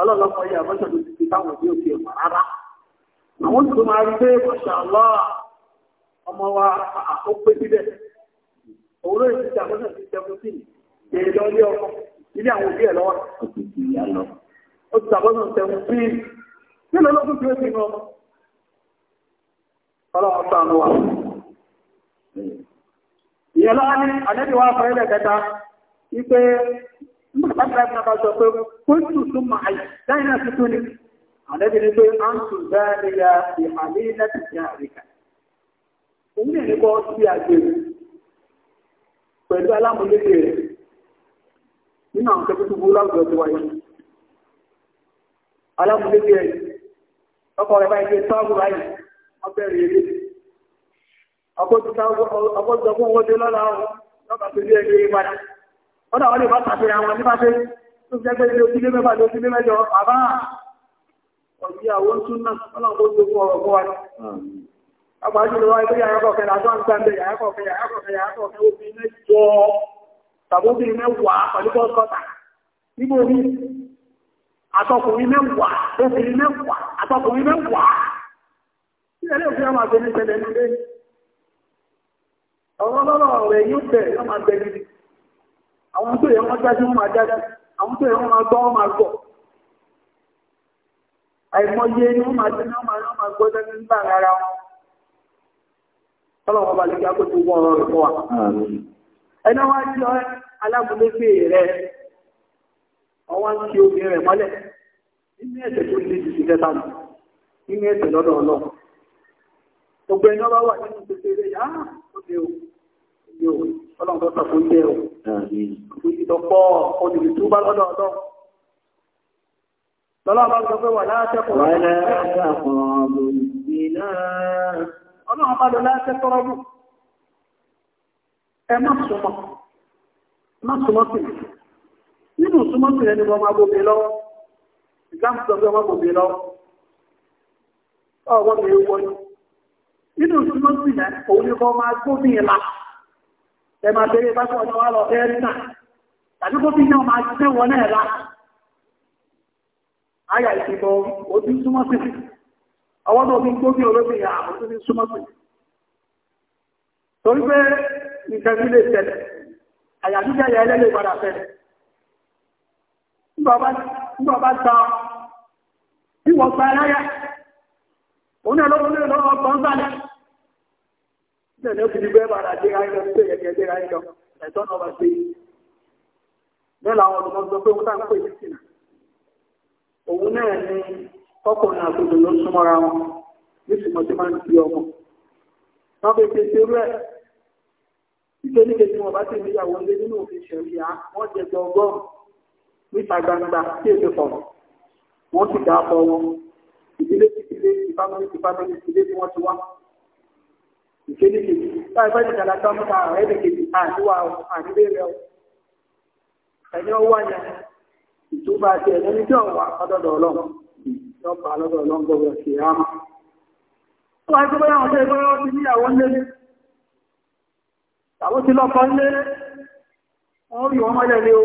ọlọ́lọ́pọ̀ yẹ àbọ́sọ̀ ló ti táwọn bí ó fi ẹ̀mà rárá àwọn tó máa rí pé mọ̀ṣàlá ọmọ wa sí ìdè lọ ilé ọkọ̀ ilé àwọn òbí ẹ̀ lọ́wọ́ ó ti tàbọ́nà tẹ̀wọ̀n sí nínú ọlọ́dún tí ó ti rọ ọlọ́run sànú wa ìyẹn pé kó tùtù máa lẹ́yìn náà tuntun ni àdẹ́bí ni pé a ń tù ìhàlẹ́ àríkà òun ní sí pẹ̀lú rẹ̀ nínú àwọn kẹfẹ́ tó ala ẹ̀ ọkọ̀ rẹ̀ báyìí pé táàbù ráyì ọbẹ̀rẹ̀ eré ọgbọ́dọ̀gbọ́n owó dé lọ́la ọ̀hún lọ́kà tó lé ẹgbẹ́ ìpadà ọ̀dà wọn lè bá tàbíra wọn ní báṣe tó àwọn àtọkùnrin mẹ́wàá obìnrin mẹ́wàá àtọkùnrin mẹ́wàá ilẹ̀ òfin àwọn àgbẹ̀ ní ìṣẹ̀lẹ̀ ma ọ̀rọ̀ lọ́rọ̀ rẹ̀ yóò bẹ̀ yọ́ máa bẹ̀ àwọn tó yẹ wọ́n jáde wọ́n máa jáde àwọn tó wọ́n máa gbọ́ wọ́n máa gbọ́ àìmọye ni wọ́n máa ti ní wọ́n máa gbọ́ awọn. ọwá ń kí omi rẹ̀ mọ́lẹ̀ nínú ẹ̀ṣẹ̀ tó lè jùsí tẹ́ta nù nínú ẹ̀ṣẹ̀ lọ́dọ̀ ọlọ́run gbogbo ẹni ọba wà nínú kékeré yá ah, ó dé nínú súnmọ́ sí ẹni ọmọ agbóbi lọ́wọ́ ìgbàmù sọ pé ọmọ agbóbi lọ́wọ́ ọwọ́ mi wọ́n nínú súnmọ́ sí ẹ òun ni ọmọ agbóbi ìlà ẹ máa bẹ̀rẹ̀ bá tó ọjọ́ wà lọ fẹ́ rí náà tàbí kó bí náà máa jẹ́ wọn náà lá ayà ìdìbò ó ti súnmọ́ sí ọwọ́ tó fi gbóbi olóbi ìyá ó ti súnmọ́ sí torí pé nǹkan ilé ìṣẹ̀lẹ̀ àyàdúgbà yà ẹlẹ́lẹ́ ìpadà fẹ́rẹ̀ nígbàbá ta bí wọ́n gba aláyá òun náà lọ́wọ́ lórí lọ́wọ́ ọgbọ̀n sálẹ̀ nílẹ̀ òkìdí bẹ́ẹ̀ bá rà déra ẹjọ́ tó yẹ kẹ́ déra ẹjọ́ ẹ̀tọ́ náà bá ṣe bẹ́ẹ̀ làwọn olùmọ́sọ pé wọ́n sáà pè ní sínà òun náà ni ọkùnrin àtòdò ló súnmọ́ra wọn ní sùmọ́ tí máa ń fi ọmọ wọ́n bẹ ṣe ṣerú ẹ̀ nítorí kejì wọn bá ti níyàwó lé nínú òfin ṣẹ̀rí níta gbangba tí èdè sọ̀rọ̀ wọ́n ti dá ọkọ̀ wọn ìdílé ti ìdílé ìfámọ́lì ti fámọ́lì ìdílé tí wọ́n ti wá ìkéde kejì táì bá ti dàgbà mọ́ta ààrẹ ní kejì àdúrà àdúrà rẹ o ẹni ọwọ́ yẹn ìtúbà àti ẹ̀mí ní tí ọ̀wà ọdọ́dọ̀ ọlọ́run lọ́pàá ọlọ́dọ̀ ọlọ́run gbọ́dọ̀ sí àmà ó wáyé tó bóyá wọn tó ẹgbẹ́ wọn ti níyàwó ńlé tàbó ti lọ́kọ ńlé wọn rí wọn mọ́lẹ̀ lé o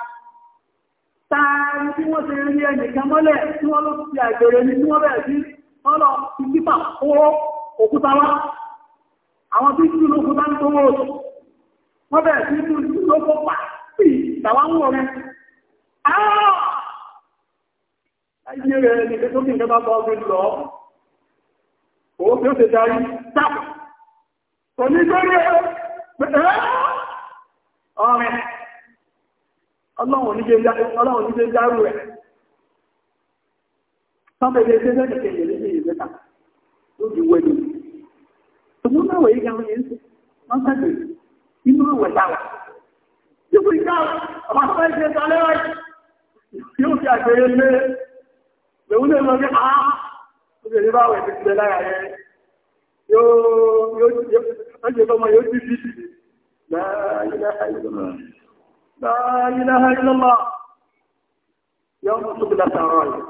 Táàrí tí wọ́n ti rí ẹnìkan mọ́lẹ̀ tí wọ́n ló ti àgbèrè ní tí wọ́n bẹ̀rẹ̀ sí ọlọ́ ti pípà owó òkúta wá. Àwọn tí ìlú òkúta ń tówó wọ́n bẹ̀rẹ̀ sí ìlú lókó pà sí ìtàwà ń wọ̀rẹ́. Àárọ̀! Ayé rẹ̀ nìkan ọlọ́run níjẹ́ járù rẹ̀ sọ́bẹ̀lẹ̀ ẹgbẹ́ lẹ́kẹ̀ẹ́ yẹ̀ lẹ́yìn ìrẹ́ta ló di wẹ́lú ọdún náà wẹ̀yí gan wọ́n sẹ́gbẹ̀ inú àwẹ̀ dáwà yóò fi ọmọ sọ́bẹ̀ ṣe la ilaha illallah yọ ọmọ tó bìlá tààrọ rẹ̀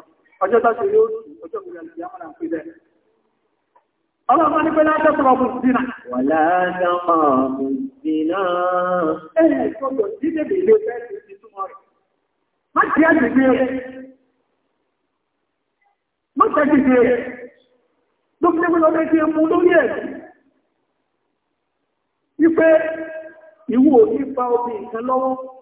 ọjọ́ tàṣẹ yóò tù ọjọ́ ìrìnlẹ̀ ìyàmọ̀lá ń pè bẹ́ẹ̀ ọlọ́pàá ní pé láti ọ̀pọ̀ ọ̀pọ̀ ìdínà wà láti ọmọ ọ̀pọ̀ ìdínà ẹ̀rẹ̀ ìkọ́gbọ̀ dídèbè ilé fẹ́ ti túnmọ̀ rẹ̀ má jẹ́ àgbègbè rẹ̀ má rẹ̀ lókùnrin lọ́dẹ́ tí ẹ mú lórí ẹ̀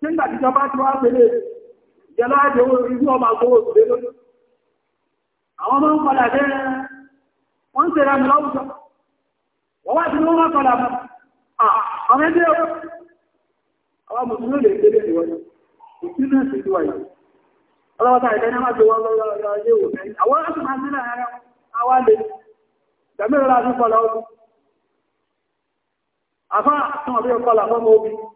nígbà tí jọba tí wá pèlè jẹlọ àjẹ owó irú ọba gbówó ìgbé lórí àwọn ọmọ ń padà dé wọ́n ń tẹ̀lé àmì láwùjọ wọ́n wá sí wọ́n padà mọ́ àwọn ẹgbẹ́ owó àwọn mùsùlùmí lè gbélé ìwọ̀n ìsínú ìsìn ìwà yìí ọlọ́wọ́ta ìdáná máa jẹ wọ́n lọ́wọ́ ilé ìwòsàn àwọn ọ̀sán máa sílẹ̀ ara àwọn lè dàmẹ́rọ̀ láti kọlà ọdún àfá àwọn ọ̀bẹ́ kọlà fọ́mọ obìnrin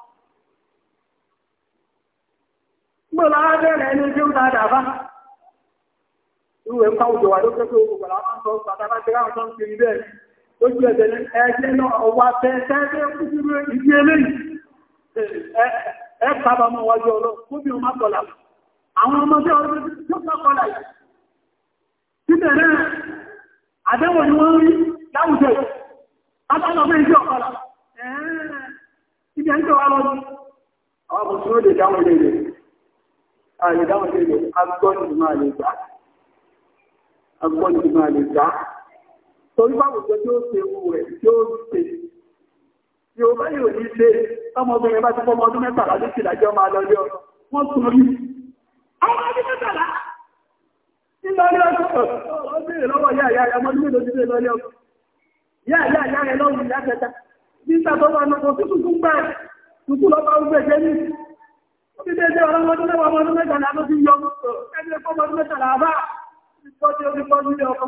gbọ́dọ̀ á ẹni ní bí ó dáadáa bá ìwé ń káwùjọ wà ló kẹ́kẹ́ owó gbọ́dọ̀ á sọ bàtàbá ti ráhùn tó ń kiri bẹ́ẹ̀ lójú àlè dáwọn sí ilẹ̀ agbọ́nì máa lè gbà agbọ́nì máa lè gbà torí báwùjọ tí ó ṣe ewu rẹ̀ tí ó ṣe tí ó bá yóò ní ṣe ọmọbìnrin bá ti fọmọ ọdún mẹ́tàlá ní ìlàjọ máa lọ lé ọ wọ́n tún rí ọmọ ọdún mẹ́tàlá nígbà ní ọjọ́ ọdún ìlọ́wọ́ yá ìyá ìyá ọmọdún mélòó ti lé lọ lé ọ yá ìyá ìyá rẹ̀ lọ́wọ́ ìyá kẹta nígbà tó wà lọ́wọ́ tuntun gbà tuntun lọ́ Ìdẹ́jẹ́ ọlọ́mọdún mẹ́wàá ọmọdún mẹ́tàlá ló ti yọ ẹgbẹ́ fọ́mọdún mẹ́tàlá bá ìpọ́ tí ó fi pọ́ nílé ọkọ̀.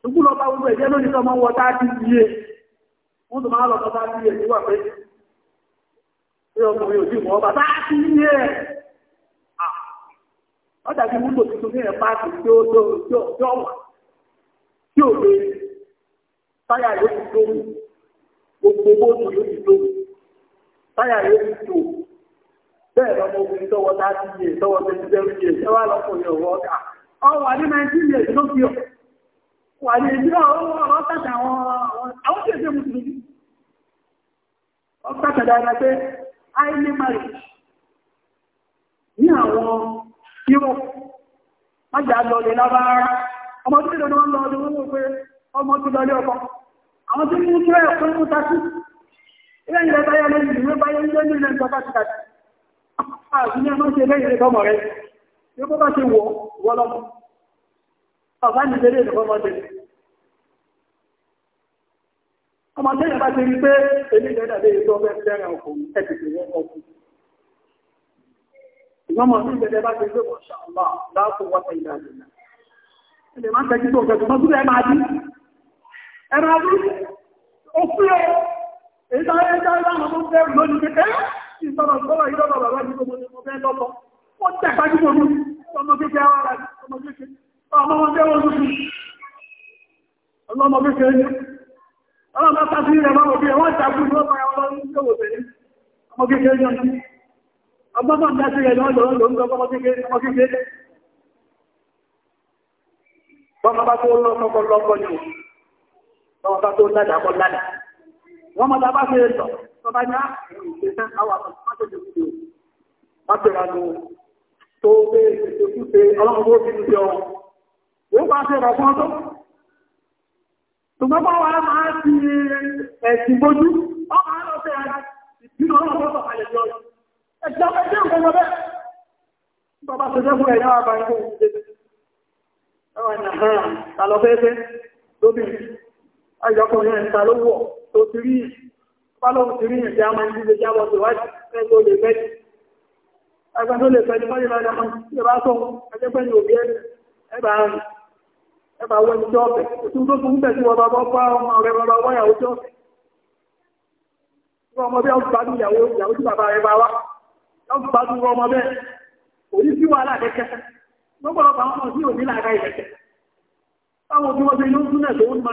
Ṣùgbọ́n lọ́pàá gbogbo ìjẹ́ lónìí lọ́mọ wọ táàkì yìí. Wọ́n tó máa lọ́pàá táàkì bẹ́ẹ̀ lọ́mọ obìnrin tọwọ́ láti yẹ tọwọ́ tẹ́sítẹ́rì yẹ ṣẹ́wà lọ́kùnrin ọ̀wọ́ ọ̀gá ọwọ́ wà ní nàìjíríà ló fi ọmọ tí lọ́dọ̀ wọn lọ́dọ̀ wọn wọ́n pé ọmọ tí lọlé ọkọ àwọn tí mú kí ẹ̀ lẹ́yìn ìwé báyẹ̀ lẹ́yìn ìlẹ̀ àti ní ọmọ ṣe lẹ́yìn ìrẹ́kọ́mọ̀ rẹ̀ bá ti rí pé èlé ìdẹ́dàdé ìtọ́ fẹ́ fẹ́ràn ọkùnrin ẹ̀kùnrin rẹ̀ ọkùnrin ìgbọ́mọ̀ sí ìgbẹ̀dẹ̀ bá ti rí pé wọ́n ṣàlọ́ láàpù wọ́ta ìdàdìnà máa ń tẹ́jú tó ń tẹ́jú láwọn ọmọ bẹ́ẹ̀ sí sọ́nà sọ́nà yìí lọ́nà bàbá yìí gbogbo ọmọ bẹ́ẹ̀ lọ́tọ̀ ó tẹ̀ kájú gbogbo ọmọ kékeré ara ọmọ kékeré ọmọ wọn bẹ́ẹ̀ wọn lóṣù ọlọ́mọ kékeré ní ọlọ́mọ ta sí ilẹ̀ máa wọ̀bí ẹ̀wọ́n ìta kúrò lọ́mọ ẹ̀wọ́n lọ́mọ ìjọwò tẹ̀lé ọmọ kékeré ní ọdún ọgbọ́n náà dá sí ẹ̀ lọ́jọ́ lọ́jọ́ ọmọ kékeré ọmọ kékeré bọ́mọ bá tó lọ́kọ́kọ́ lọ́kọ́ ni bọ́mọ bá tó ládàá kọ́ ládàá wọ́n mọ́ tàbá ṣe tọ̀ tọba ní àwọn ìṣẹ́sẹ́ àwọn àtàkùn máṣẹ́jọ tó wé ìṣẹ́kúṣe ọlọ́run ó fi ń jọ wọ́n bá ṣe rọ̀pọ̀ tó ṣùgbọ́n wọ́n wá máa ti ẹ̀sìn bójú ọ máa lọ sí ara ìbínú ọlọ́run tó kàlẹ̀ jọ ẹ̀jọ́ ẹjẹ́ nǹkan lọ bẹ́ẹ̀ bàbá ṣe jẹ́ fún ẹ̀yà àbáyé tó ń tó ti rí pálọ́wọ́ ti rí ìjẹ́ àmà ní jábọ̀ tó wájú ẹgbẹ́ olè fẹ́ ẹgbẹ́ tó fẹ́ ní mọ́lẹ̀ lọ́dọ̀ mọ́ sí ẹbá ní òbí ẹni wọ́n ní jọ́ọ̀fẹ́ òtún tó tún tẹ̀sí wọn bọ́ pa ọmọ rẹ bàbá wọ́n yàwó jọ́ọ̀fẹ́ ọmọ bí ọmọ sí òní làárá ìrẹ̀kẹ́ àwọn òbí wọn ti ló ń tún tó ń mọ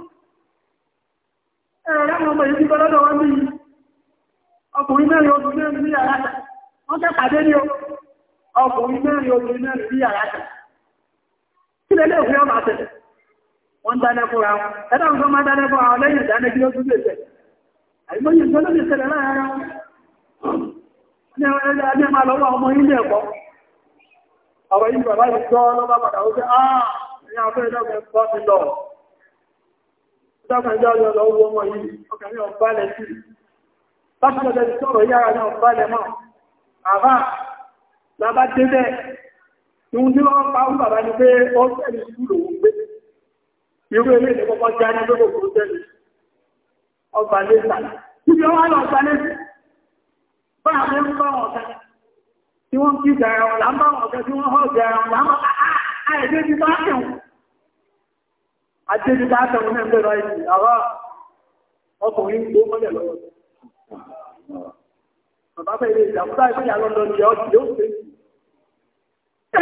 ẹ̀rọ láwọn ọmọ yìí gbọ́ lọ́dọ̀ wọn bí ọkùnrin mẹ́rin obìnrin mẹ́rin ní yàrá wọ́n tẹ́ pàdé ní ọkùnrin mẹ́rin mẹ́rin ní àwọn gbọ́ ó fẹ́ ah ní ti Ìhun tí wọ́n pa ń bàbá ní pé ó tẹ́lì skúlò ń gbé. Irú ilé ìdẹ́kọ́kọ́ já ní gbogbo kò tẹ́lì. Ọba lé sàlá. Ibi ọwá lọ ọ̀sá lé sí. Bá àmì ń bá wọn ọ̀sá. Tí wọ́n kí ìjà ẹran, là ń bá wọn ọ̀sá tí wọ́n họ́ ìjà ẹran, là ń bá Adébí bá tẹ̀wọ́n náà bẹ̀rọ ìsìn àwọn ọkùnrin tó mọ́lẹ̀ lọ́wọ́. Bàbá bẹ̀rẹ̀ ìjàmúta ìpínlẹ̀ London jẹ́ ọ̀tí yóò fẹ́.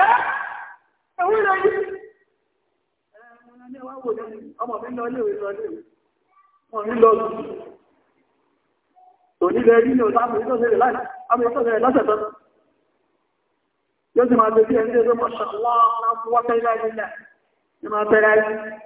Ẹ́ ẹ̀wọ́n ìrọ̀ yìí. Ọmọ mi lọ ilé ìwé lọ Ọmọ mi lọ lù. Tòní lẹ ní ọ̀sán àmì ìtọ́sẹ̀rẹ̀ láì. Àmì ìtọ́sẹ̀rẹ̀ lọ́sẹ̀ tán. Yóò sì máa gbé bí ẹni tó mọ̀ ṣàlọ́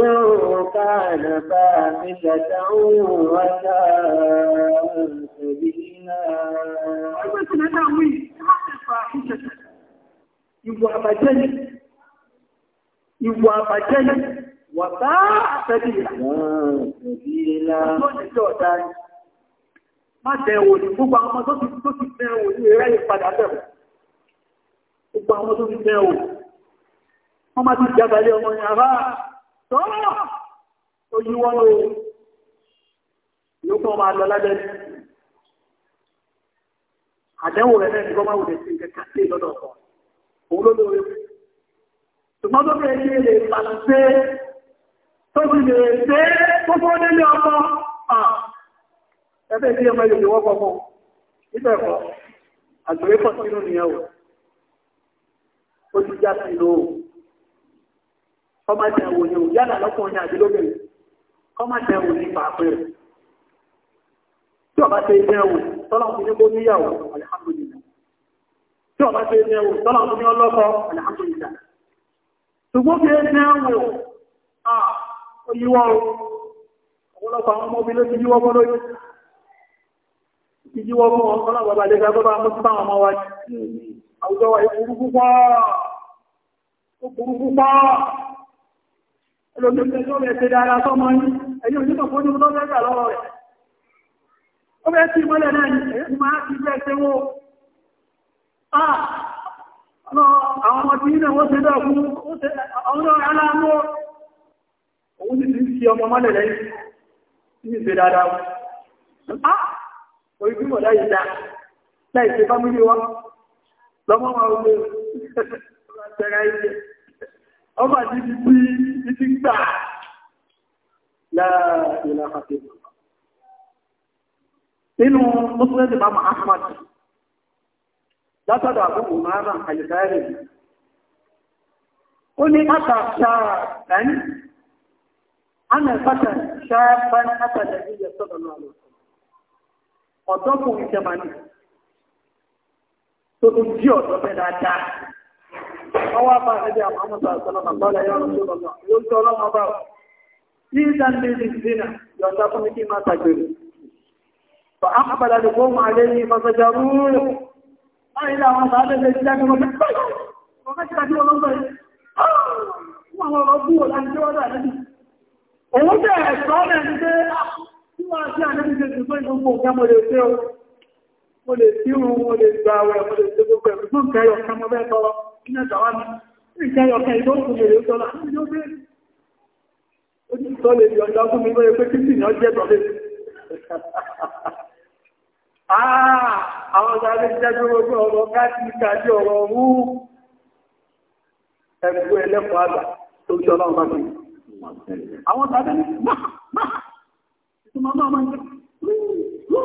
إنه كان فاحشة وساء سبيلا Ìwà àbàjẹ́ ni, ìwà àbàjẹ́ ni, wà bá àfẹ́bí ìlà. Ọjọ́ ìjọ ọ̀dá ni, má bẹ̀wò ní gbogbo àwọn ọmọ tó ti tó ti bẹ̀wò ní ẹ̀rẹ́ ìpadà bẹ̀wò. Gbogbo àwọn tó ti bẹ̀wò, wọ́n má ti jẹ́ tọ́ọ̀ ó yí wọ́n ló yóò máa lọ lábẹ́ àdẹ́wò rẹ̀ náà nígbọ́n máa wùdẹ̀ sí nǹkan kàtẹ́ lọ́dọ̀ ọ̀kan òun ló lóore ṣùgbọ́n tó bẹ̀rẹ̀ ṣe lè pàṣẹ tó sì lè ṣe tó tó délé ọkọ ẹgbẹ́ tí ọmọ ìlú wọ́pọ̀ mọ́ nígbà ẹ̀kọ́ àgbẹ̀rẹ́ pọ̀ sínú sí lóòrùn kọ́má tẹ wò ní òyàlà lọ́kùnrin àti lóbìnrin kọ́má tẹ wò ní pàápẹ́ rẹ̀ tí ọba tẹ ilé ẹwò tọ́lọ́kùn ní kó níyàwó alhamdulillah tí ọba tẹ ilé ẹwò tọ́lọ́kùn ní ọlọ́kọ alhamdulillah ṣùgbọ́n fi ilé ẹwò yíwọ́ ọ̀pọ̀lọpọ̀ àwọn ọmọbí ló ti yíwọ́ mọ́ lórí ti yíwọ́ mọ́ ọlọ́gbàbà lè gbàgbà mọ́ sí báwọn ọmọ wa àwùjọ wa ìkúrú púpọ̀ Àwọn ọmọ tí ní ẹwọ́ ṣe dá fún ọ̀rọ̀ aláàmọ́ òun ti ti fi ọmọ mọ́lẹ̀ lẹ́yìn ní ìṣẹ́ dáadáa wọn. Á! Orí bí wọ̀ láyé dá, láì ṣe fámílì wọn, lọ́mọ́ máa (laughs) títí gbà láàrín àkàtẹ́ inú mùsùlùmí bá ma ahmad látọ̀dọ̀ àbúkù mara àyíkáyà ó ní àtà ṣáàtàn ánà ìfàtà ṣáàtàn àtàlẹ̀ ilẹ̀ sọ́dọ̀ náà lọ ọ̀dọ́kùnrin jẹmanì ọwọ́ apá ẹgbẹ́ àwọn ọmọ sàrẹ̀sọ́lọ́ àgbàlẹ̀ yọ ọ̀rọ̀ tó lọ́nà yóò tọ́ ọlọ́mọ bá wà ní ìdánilẹ́lẹ́ ìdínà yọ̀ǹda fún mi kí máa tàgbèrè fa ápàdà lè kó máa lé ní fàṣẹjà rúrù láì ilé àwọn sàádẹ́ lè ti dákẹ́ mọ́tẹ́ mọ́ fẹ́ kíkà tí wọ́n lọ́gbọ̀ yìí wọ́n àwọn ó tí òun ó lè gba àwẹ̀ ó tí gbogbo ẹ̀rù tó kẹyọ kan tọrọ kí náà tàwa ní ìkẹyọ kan ìlú òkú lè yóò bẹ́ẹ̀ ó ti sọ lè yọ̀ǹda fún mi pé kí (laughs) ah! sì náà jẹ́ tọ́lé àwọn tàbí ní máa máa ìtumọ̀ máa máa ń jẹ́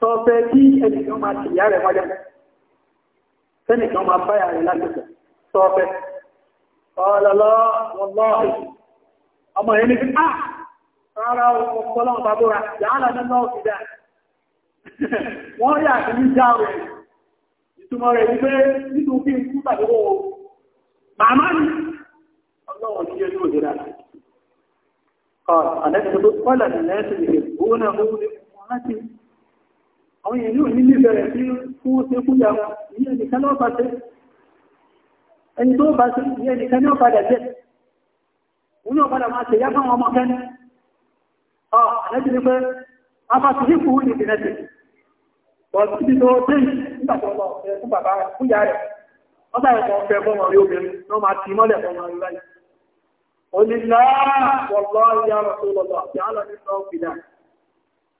tọ́fẹ́ kí ẹnìkan máa ṣe ìyá rẹ̀ wájá tẹ́nìkan máa báyà rẹ̀ lásìkò tọ́fẹ́ ọlọ́lọ́ wọlọ́ọ̀hì ọmọ ẹni fi á rárá ọpọlọ́wọ́ bàbúra yàálà nínú ọ̀fìdá (laughs) wọ́n yà sí ní já rẹ̀ ìtumọ̀ rẹ̀ wípé nínú kí n kú tàbí wọ́wọ́ màmá ni ọlọ́wọ́ ní ẹnu òdìrà àwọn èèyàn yóò nílé bẹ̀rẹ̀ sí fún ó ṣe kújà wọn ní ẹnìkan náà pàṣẹ ẹni tó bá ṣe ní ẹnìkan náà padà jẹ́ òun náà padà máa ṣèyá fáwọn ọmọ kẹ́ni ọ àlẹ́jì ni pé a bá ti ní ìdínẹ́sì bọ̀ síbi tó dé nígbà tó fún bàbá rẹ̀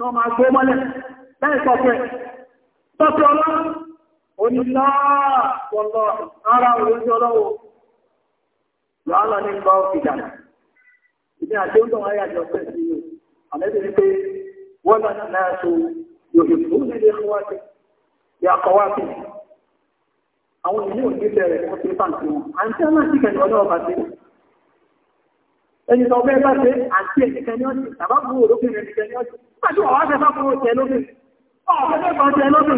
wọ́n máa gbé mọ́lẹ̀ láì tọ́pẹ́ ọlọ́run àwọn ìlú òjíṣẹ́ rẹ̀ ti wọn ẹni bá ṣe àti tàbá bú Pàtí wà wá fẹ́ fá fún oṣù ẹlómi. Ọ̀fẹ́ fẹ́ fún oṣù ẹlómi.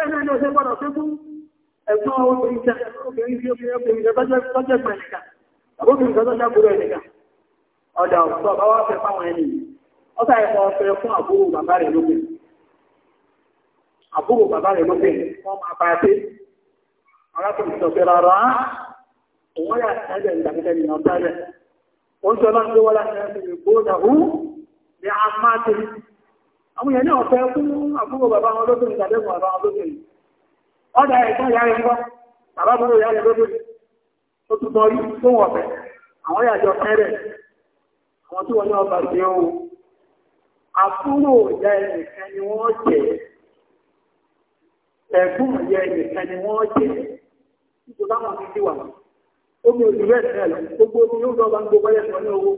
Ẹgbẹ́ ní oṣù gbọ́dọ̀ fẹ́ fún ẹ̀gbọ́n obìnrin jẹ́ obìnrin tí obìnrin obìnrin jẹ́ tọ́jẹ́ pẹ̀lú ẹ̀ka. Obìnrin kan tọ́jẹ́ pẹ̀lú ẹ̀ka. Ọ̀dà ọ̀sọ̀ bá wá fẹ́ fáwọn ẹni. Ọ̀sà ẹ̀kọ́ fẹ́ fún àbúrò bàbá rẹ̀ lóbi. Àbúrò bàbá rẹ̀ lóbi wọ́n máa bá dé. Arákùnrin sọ pé rárá. Òun yà ẹ̀jẹ̀ ìgbàgbẹ́ ni ọ̀dà rẹ̀. Ó ń sọ láti wọ́n láti ẹ̀sìn ní a máa tẹ́lẹ̀. Àwọn èèyàn náà fẹ́ fún àbúrò bàbá wọn lóbìnrin tàbí ẹ̀gbọ́n bàbá wọn lóbìnrin. Ọ̀dà ẹ̀gbọ́n ìyá rẹ̀ ń bàbá búrò ìyá rẹ̀ Ó tún tó wọ̀ Àwọn yàjọ fẹ́rẹ̀. Àwọn tí wọ́n ní ọba ṣe ó. ìyá ni wọ́n jẹ́. ìyá ni wọ́n jẹ́. ti wà. Omi ìfẹ́ lọ. Gbogbo yóò lọ bá gbogbo ní owó.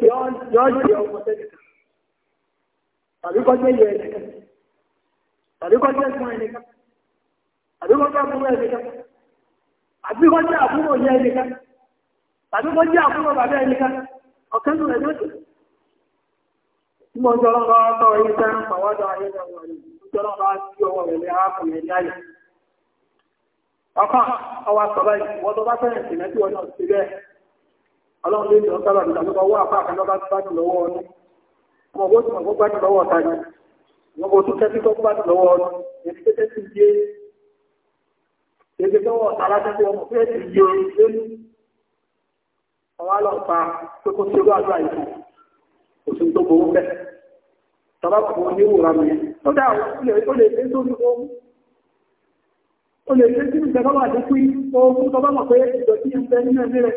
pé yọ́ yẹ ọmọ sẹ́nìkan tàbí kọjá ẹnìkan tàbí kọjá ẹ̀gbọ́n ẹnìkan tàbí kọjá àbúrò ẹnìkan tàbí ẹnìkan tàbí kọjá àbúrò bàbá ẹnìkan ọ̀kẹ́ nù ẹ̀dọ́ ń jọlọ́ ọlọ́run lè jọ sábà nígbà tó bá wọ́ apá àkàndọ́ bá gbájú lọ́wọ́ ọdún wọn bó tún àwọn gbájú lọ́wọ́ ọ̀tá ni wọn bó tún tẹ́tí tó gbájú lọ́wọ́ ọdún èyí tó tẹ́tí yé èyí tó wọ́ ọ̀tá lásán tó wọ́n fẹ́ẹ́ ti yé e lónìí ọwọ́ alọ́ọ̀pá tó kó tó lọ́ àdúrà yìí kò sí tó gbowó bẹ́ẹ̀ tọ́lá kò ní wùrà mi tó dá ó lè dé sórí ohun ó lè dé sí ìjọba àdínkù ń bẹ nínú ẹ̀mí rẹ̀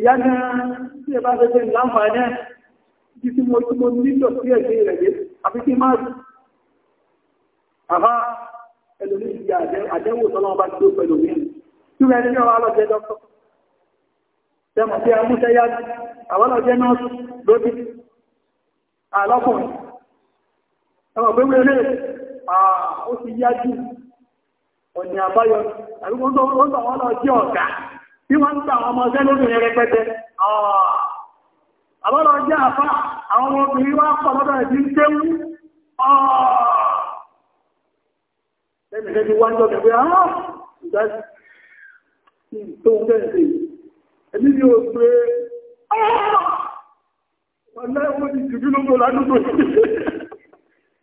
ìyá náà tí ẹ bá fẹ́ fẹ́ láǹfààní bí tí mo túnmọ̀ nílò sí ẹ̀gbẹ́ rẹ̀ dé àfi kí máa rí àbá ẹlòmí ti yà àdẹ́wò tọ́lọ́ bá tó pẹ̀lú mi tí wọ́n ẹni náà wà lọ́jẹ́ dọ́kọ̀ tẹ́mọ̀ sí amúṣẹ́ yá àwọn lọ́jẹ́ náà lóbi àlọ́kùnrin ẹmọ̀ pé wọ́n lè ó ti yá jù ọ̀nà àbáyọ àbíkọ́ tó wọ́n lọ jẹ́ ọ̀gá bí wọ́n ń gbà ọmọ ọjẹ́ lóbìnrin rẹpẹtẹ àbọ́lọ̀ jẹ́ àfá àwọn ọmọ obìnrin wá pọ̀ lọ́dọ̀ ẹ̀bí ń tẹ́wú ẹ̀mìnẹ́bí wá ń jọ kẹfẹ́ ààrùn ìdájí tó ń bẹ̀rẹ̀ sí ah, ẹ̀mí ni ó pé ọ̀nà ẹ̀wọ́n ti jù bí lóko ládùúgbò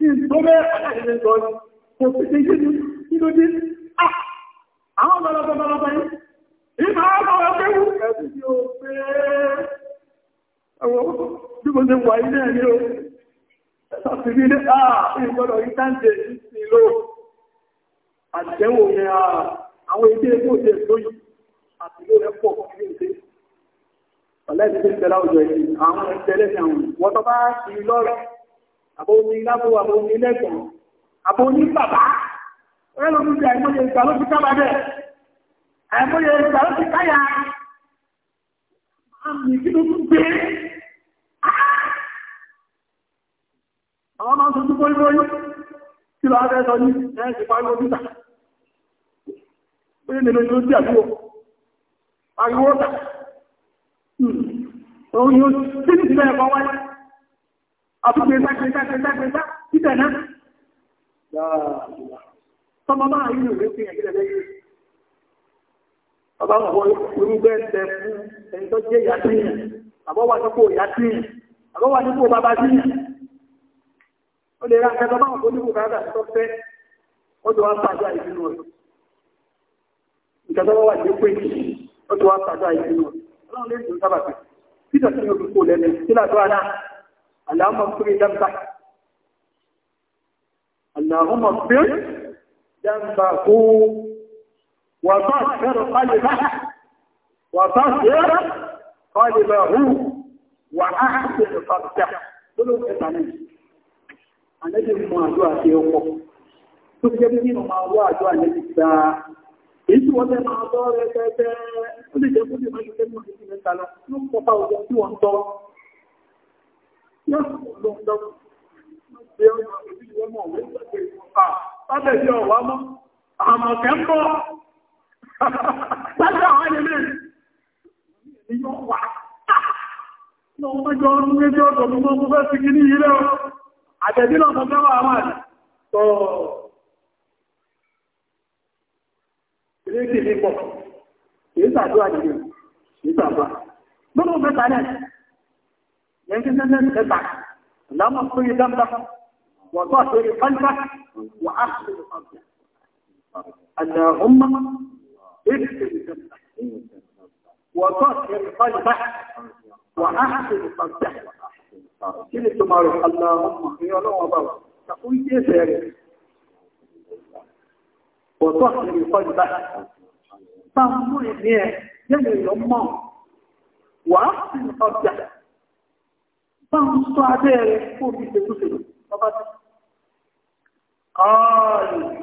ìtọ́mẹ́ ọ̀nà ìrìnlẹ̀ Ìbá ọmọ ọgbẹ́wú ẹ̀sùn tí ó pé ẹwọ́ bí mo ṣe wà ilé ẹni o, ẹ̀sàtì rí ní àà ìgbọ́dọ̀ ìtàǹdẹ̀ sí ló. Àjẹ́wò ni àwọn ilé ẹgbẹ́ òṣèlú lóyìí àti ló rẹ̀ pọ̀ ní ìṣẹ́ ọ̀lẹ́sì tí ń tẹ́lá òjò ẹ̀sì àwọn ẹ̀tẹ́lẹ́ ní àwọn wọ́n tó bá ti lọ́rọ̀ àbóní lábò àbóní lẹ́kọ̀ọ́ àbóní bàbá ẹlòmíjà ìmọ́lẹ̀ ìgbà ló fi kábàdẹ̀ àìmọye ìgbà ó ti káyà àmì kí ló tún gbé àwọn máa ń sojú bóyí bóyí kí lọ abẹ́ sọ ní ẹ̀ẹ́sì pariwo títà pé nílò yóò dí àbúrò pariwo tà òun yóò tí ní ìbẹ̀ ẹ̀kọ́ wáyé àbúgbèsá gbèsá gbèsá gbèsá títẹ̀ náà tọmọ máa yìí rẹ̀ fi bàbá wọn wọ́n irúgbẹ́ ń bẹ fún ẹni tó jẹ́ ìyá tíyàn àbọ̀ wà nípò ìyá tíyàn àbọ̀ wà nípò bàbá tíyàn ó lè ra akẹ́kọ̀ọ́ báwọn tó nípò káàkà tó fẹ́ ó tó wá pàdé àìsínú rẹ̀ ìkẹ́kọ̀ọ́ wà nípò ìyí ó tó wá pàdé àìsínú rẹ̀ ọlọ́run lè dùn sábà pé títà tí o kò lẹ́nu sí làtọ́ àná àlàámọ̀ fúri dáńbà àlàámọ̀ fúri dáńbà fún وطهر قلبه وطهر قلبه وأحسن فرجه lórí ẹ̀ta náà àlẹ́bí mú àjọ àti ọkọ̀ tó jẹ́ bí nínú máa wá àjọ àlẹ́bí gba èyí tí wọ́n fẹ́ máa tọ́ rẹpẹtẹ ó lè jẹ́ kó lè máa ṣe mọ́ ìdí mẹ́ta lọ yóò kọpa ọjọ́ tí wọ́n tọ́ yóò lọ ń dọ́ bí ọmọ ìdílé wọn mọ̀ wọ́n ń pàṣẹ ìwọ̀n pa Pẹ́lú àwọn ilé ni yóò wà. Ní ọmọ ẹjọ́ ọdún méjì ọdún mọ́ mú fẹ́ sí kí ní ilé ọ. Àjẹ̀dí lọ sọ fẹ́wà máa tọ́ ilé kìí ní pọ̀. Kìí sàdúrà nìyẹn, kìí sàdúrà. Gbọ́nà mẹ́ta náà, yẹn kí sẹ́sẹ́ وطهر قلبك وأحسن قلبك كل تمارو اللهم خيرا وبرا تقول كيف يا وطهر قلبك تنظر إليه جميل الله وأحسن قلبك تنصر عليه قوم بسجده قال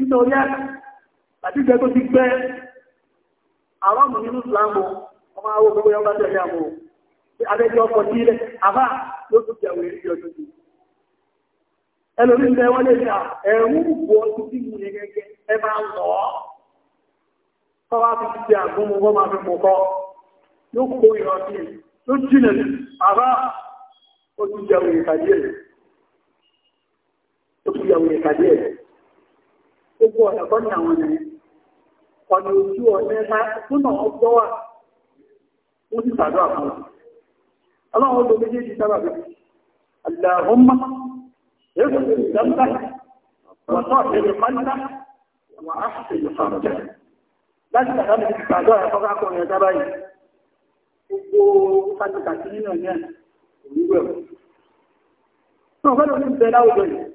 nítorí ẹ̀ àti ìgbẹ́ tó ti gbẹ́ àwọn ọmọ nínú ìsìlámù ọmọ awó gbogbo yọba tẹ̀lé àmọ́ abẹ́jọ́ ọkọ̀ sí ilẹ̀ àbá ló tún jẹ̀wé ìrìn ọjọ́ sí ẹlòmí ń bẹ wọ́n lè ṣà ẹ̀rú bọ́ tó ti mú yẹn gẹ́gẹ́ ẹ máa ń lọ́ kọ́ wá fi ti àgbọ̀mù wọ́n máa fi mú kọ́ yóò kó ìrọ̀ sí i ló jìnà àbá ó tún jẹ̀wé ìkàdí ẹ̀ gbogbo ọ̀nà kọ́ ní àwọn ènìyàn ọ̀nà ojú ọ̀nà ẹ̀ka túnà ọgbọ́ wà wọ́n ti sàdọ́ àkọ́ ọlọ́run ló méjèèjì sábà bẹ̀rẹ̀ àdàhùnmá yóò ìdámbà wọ́n tó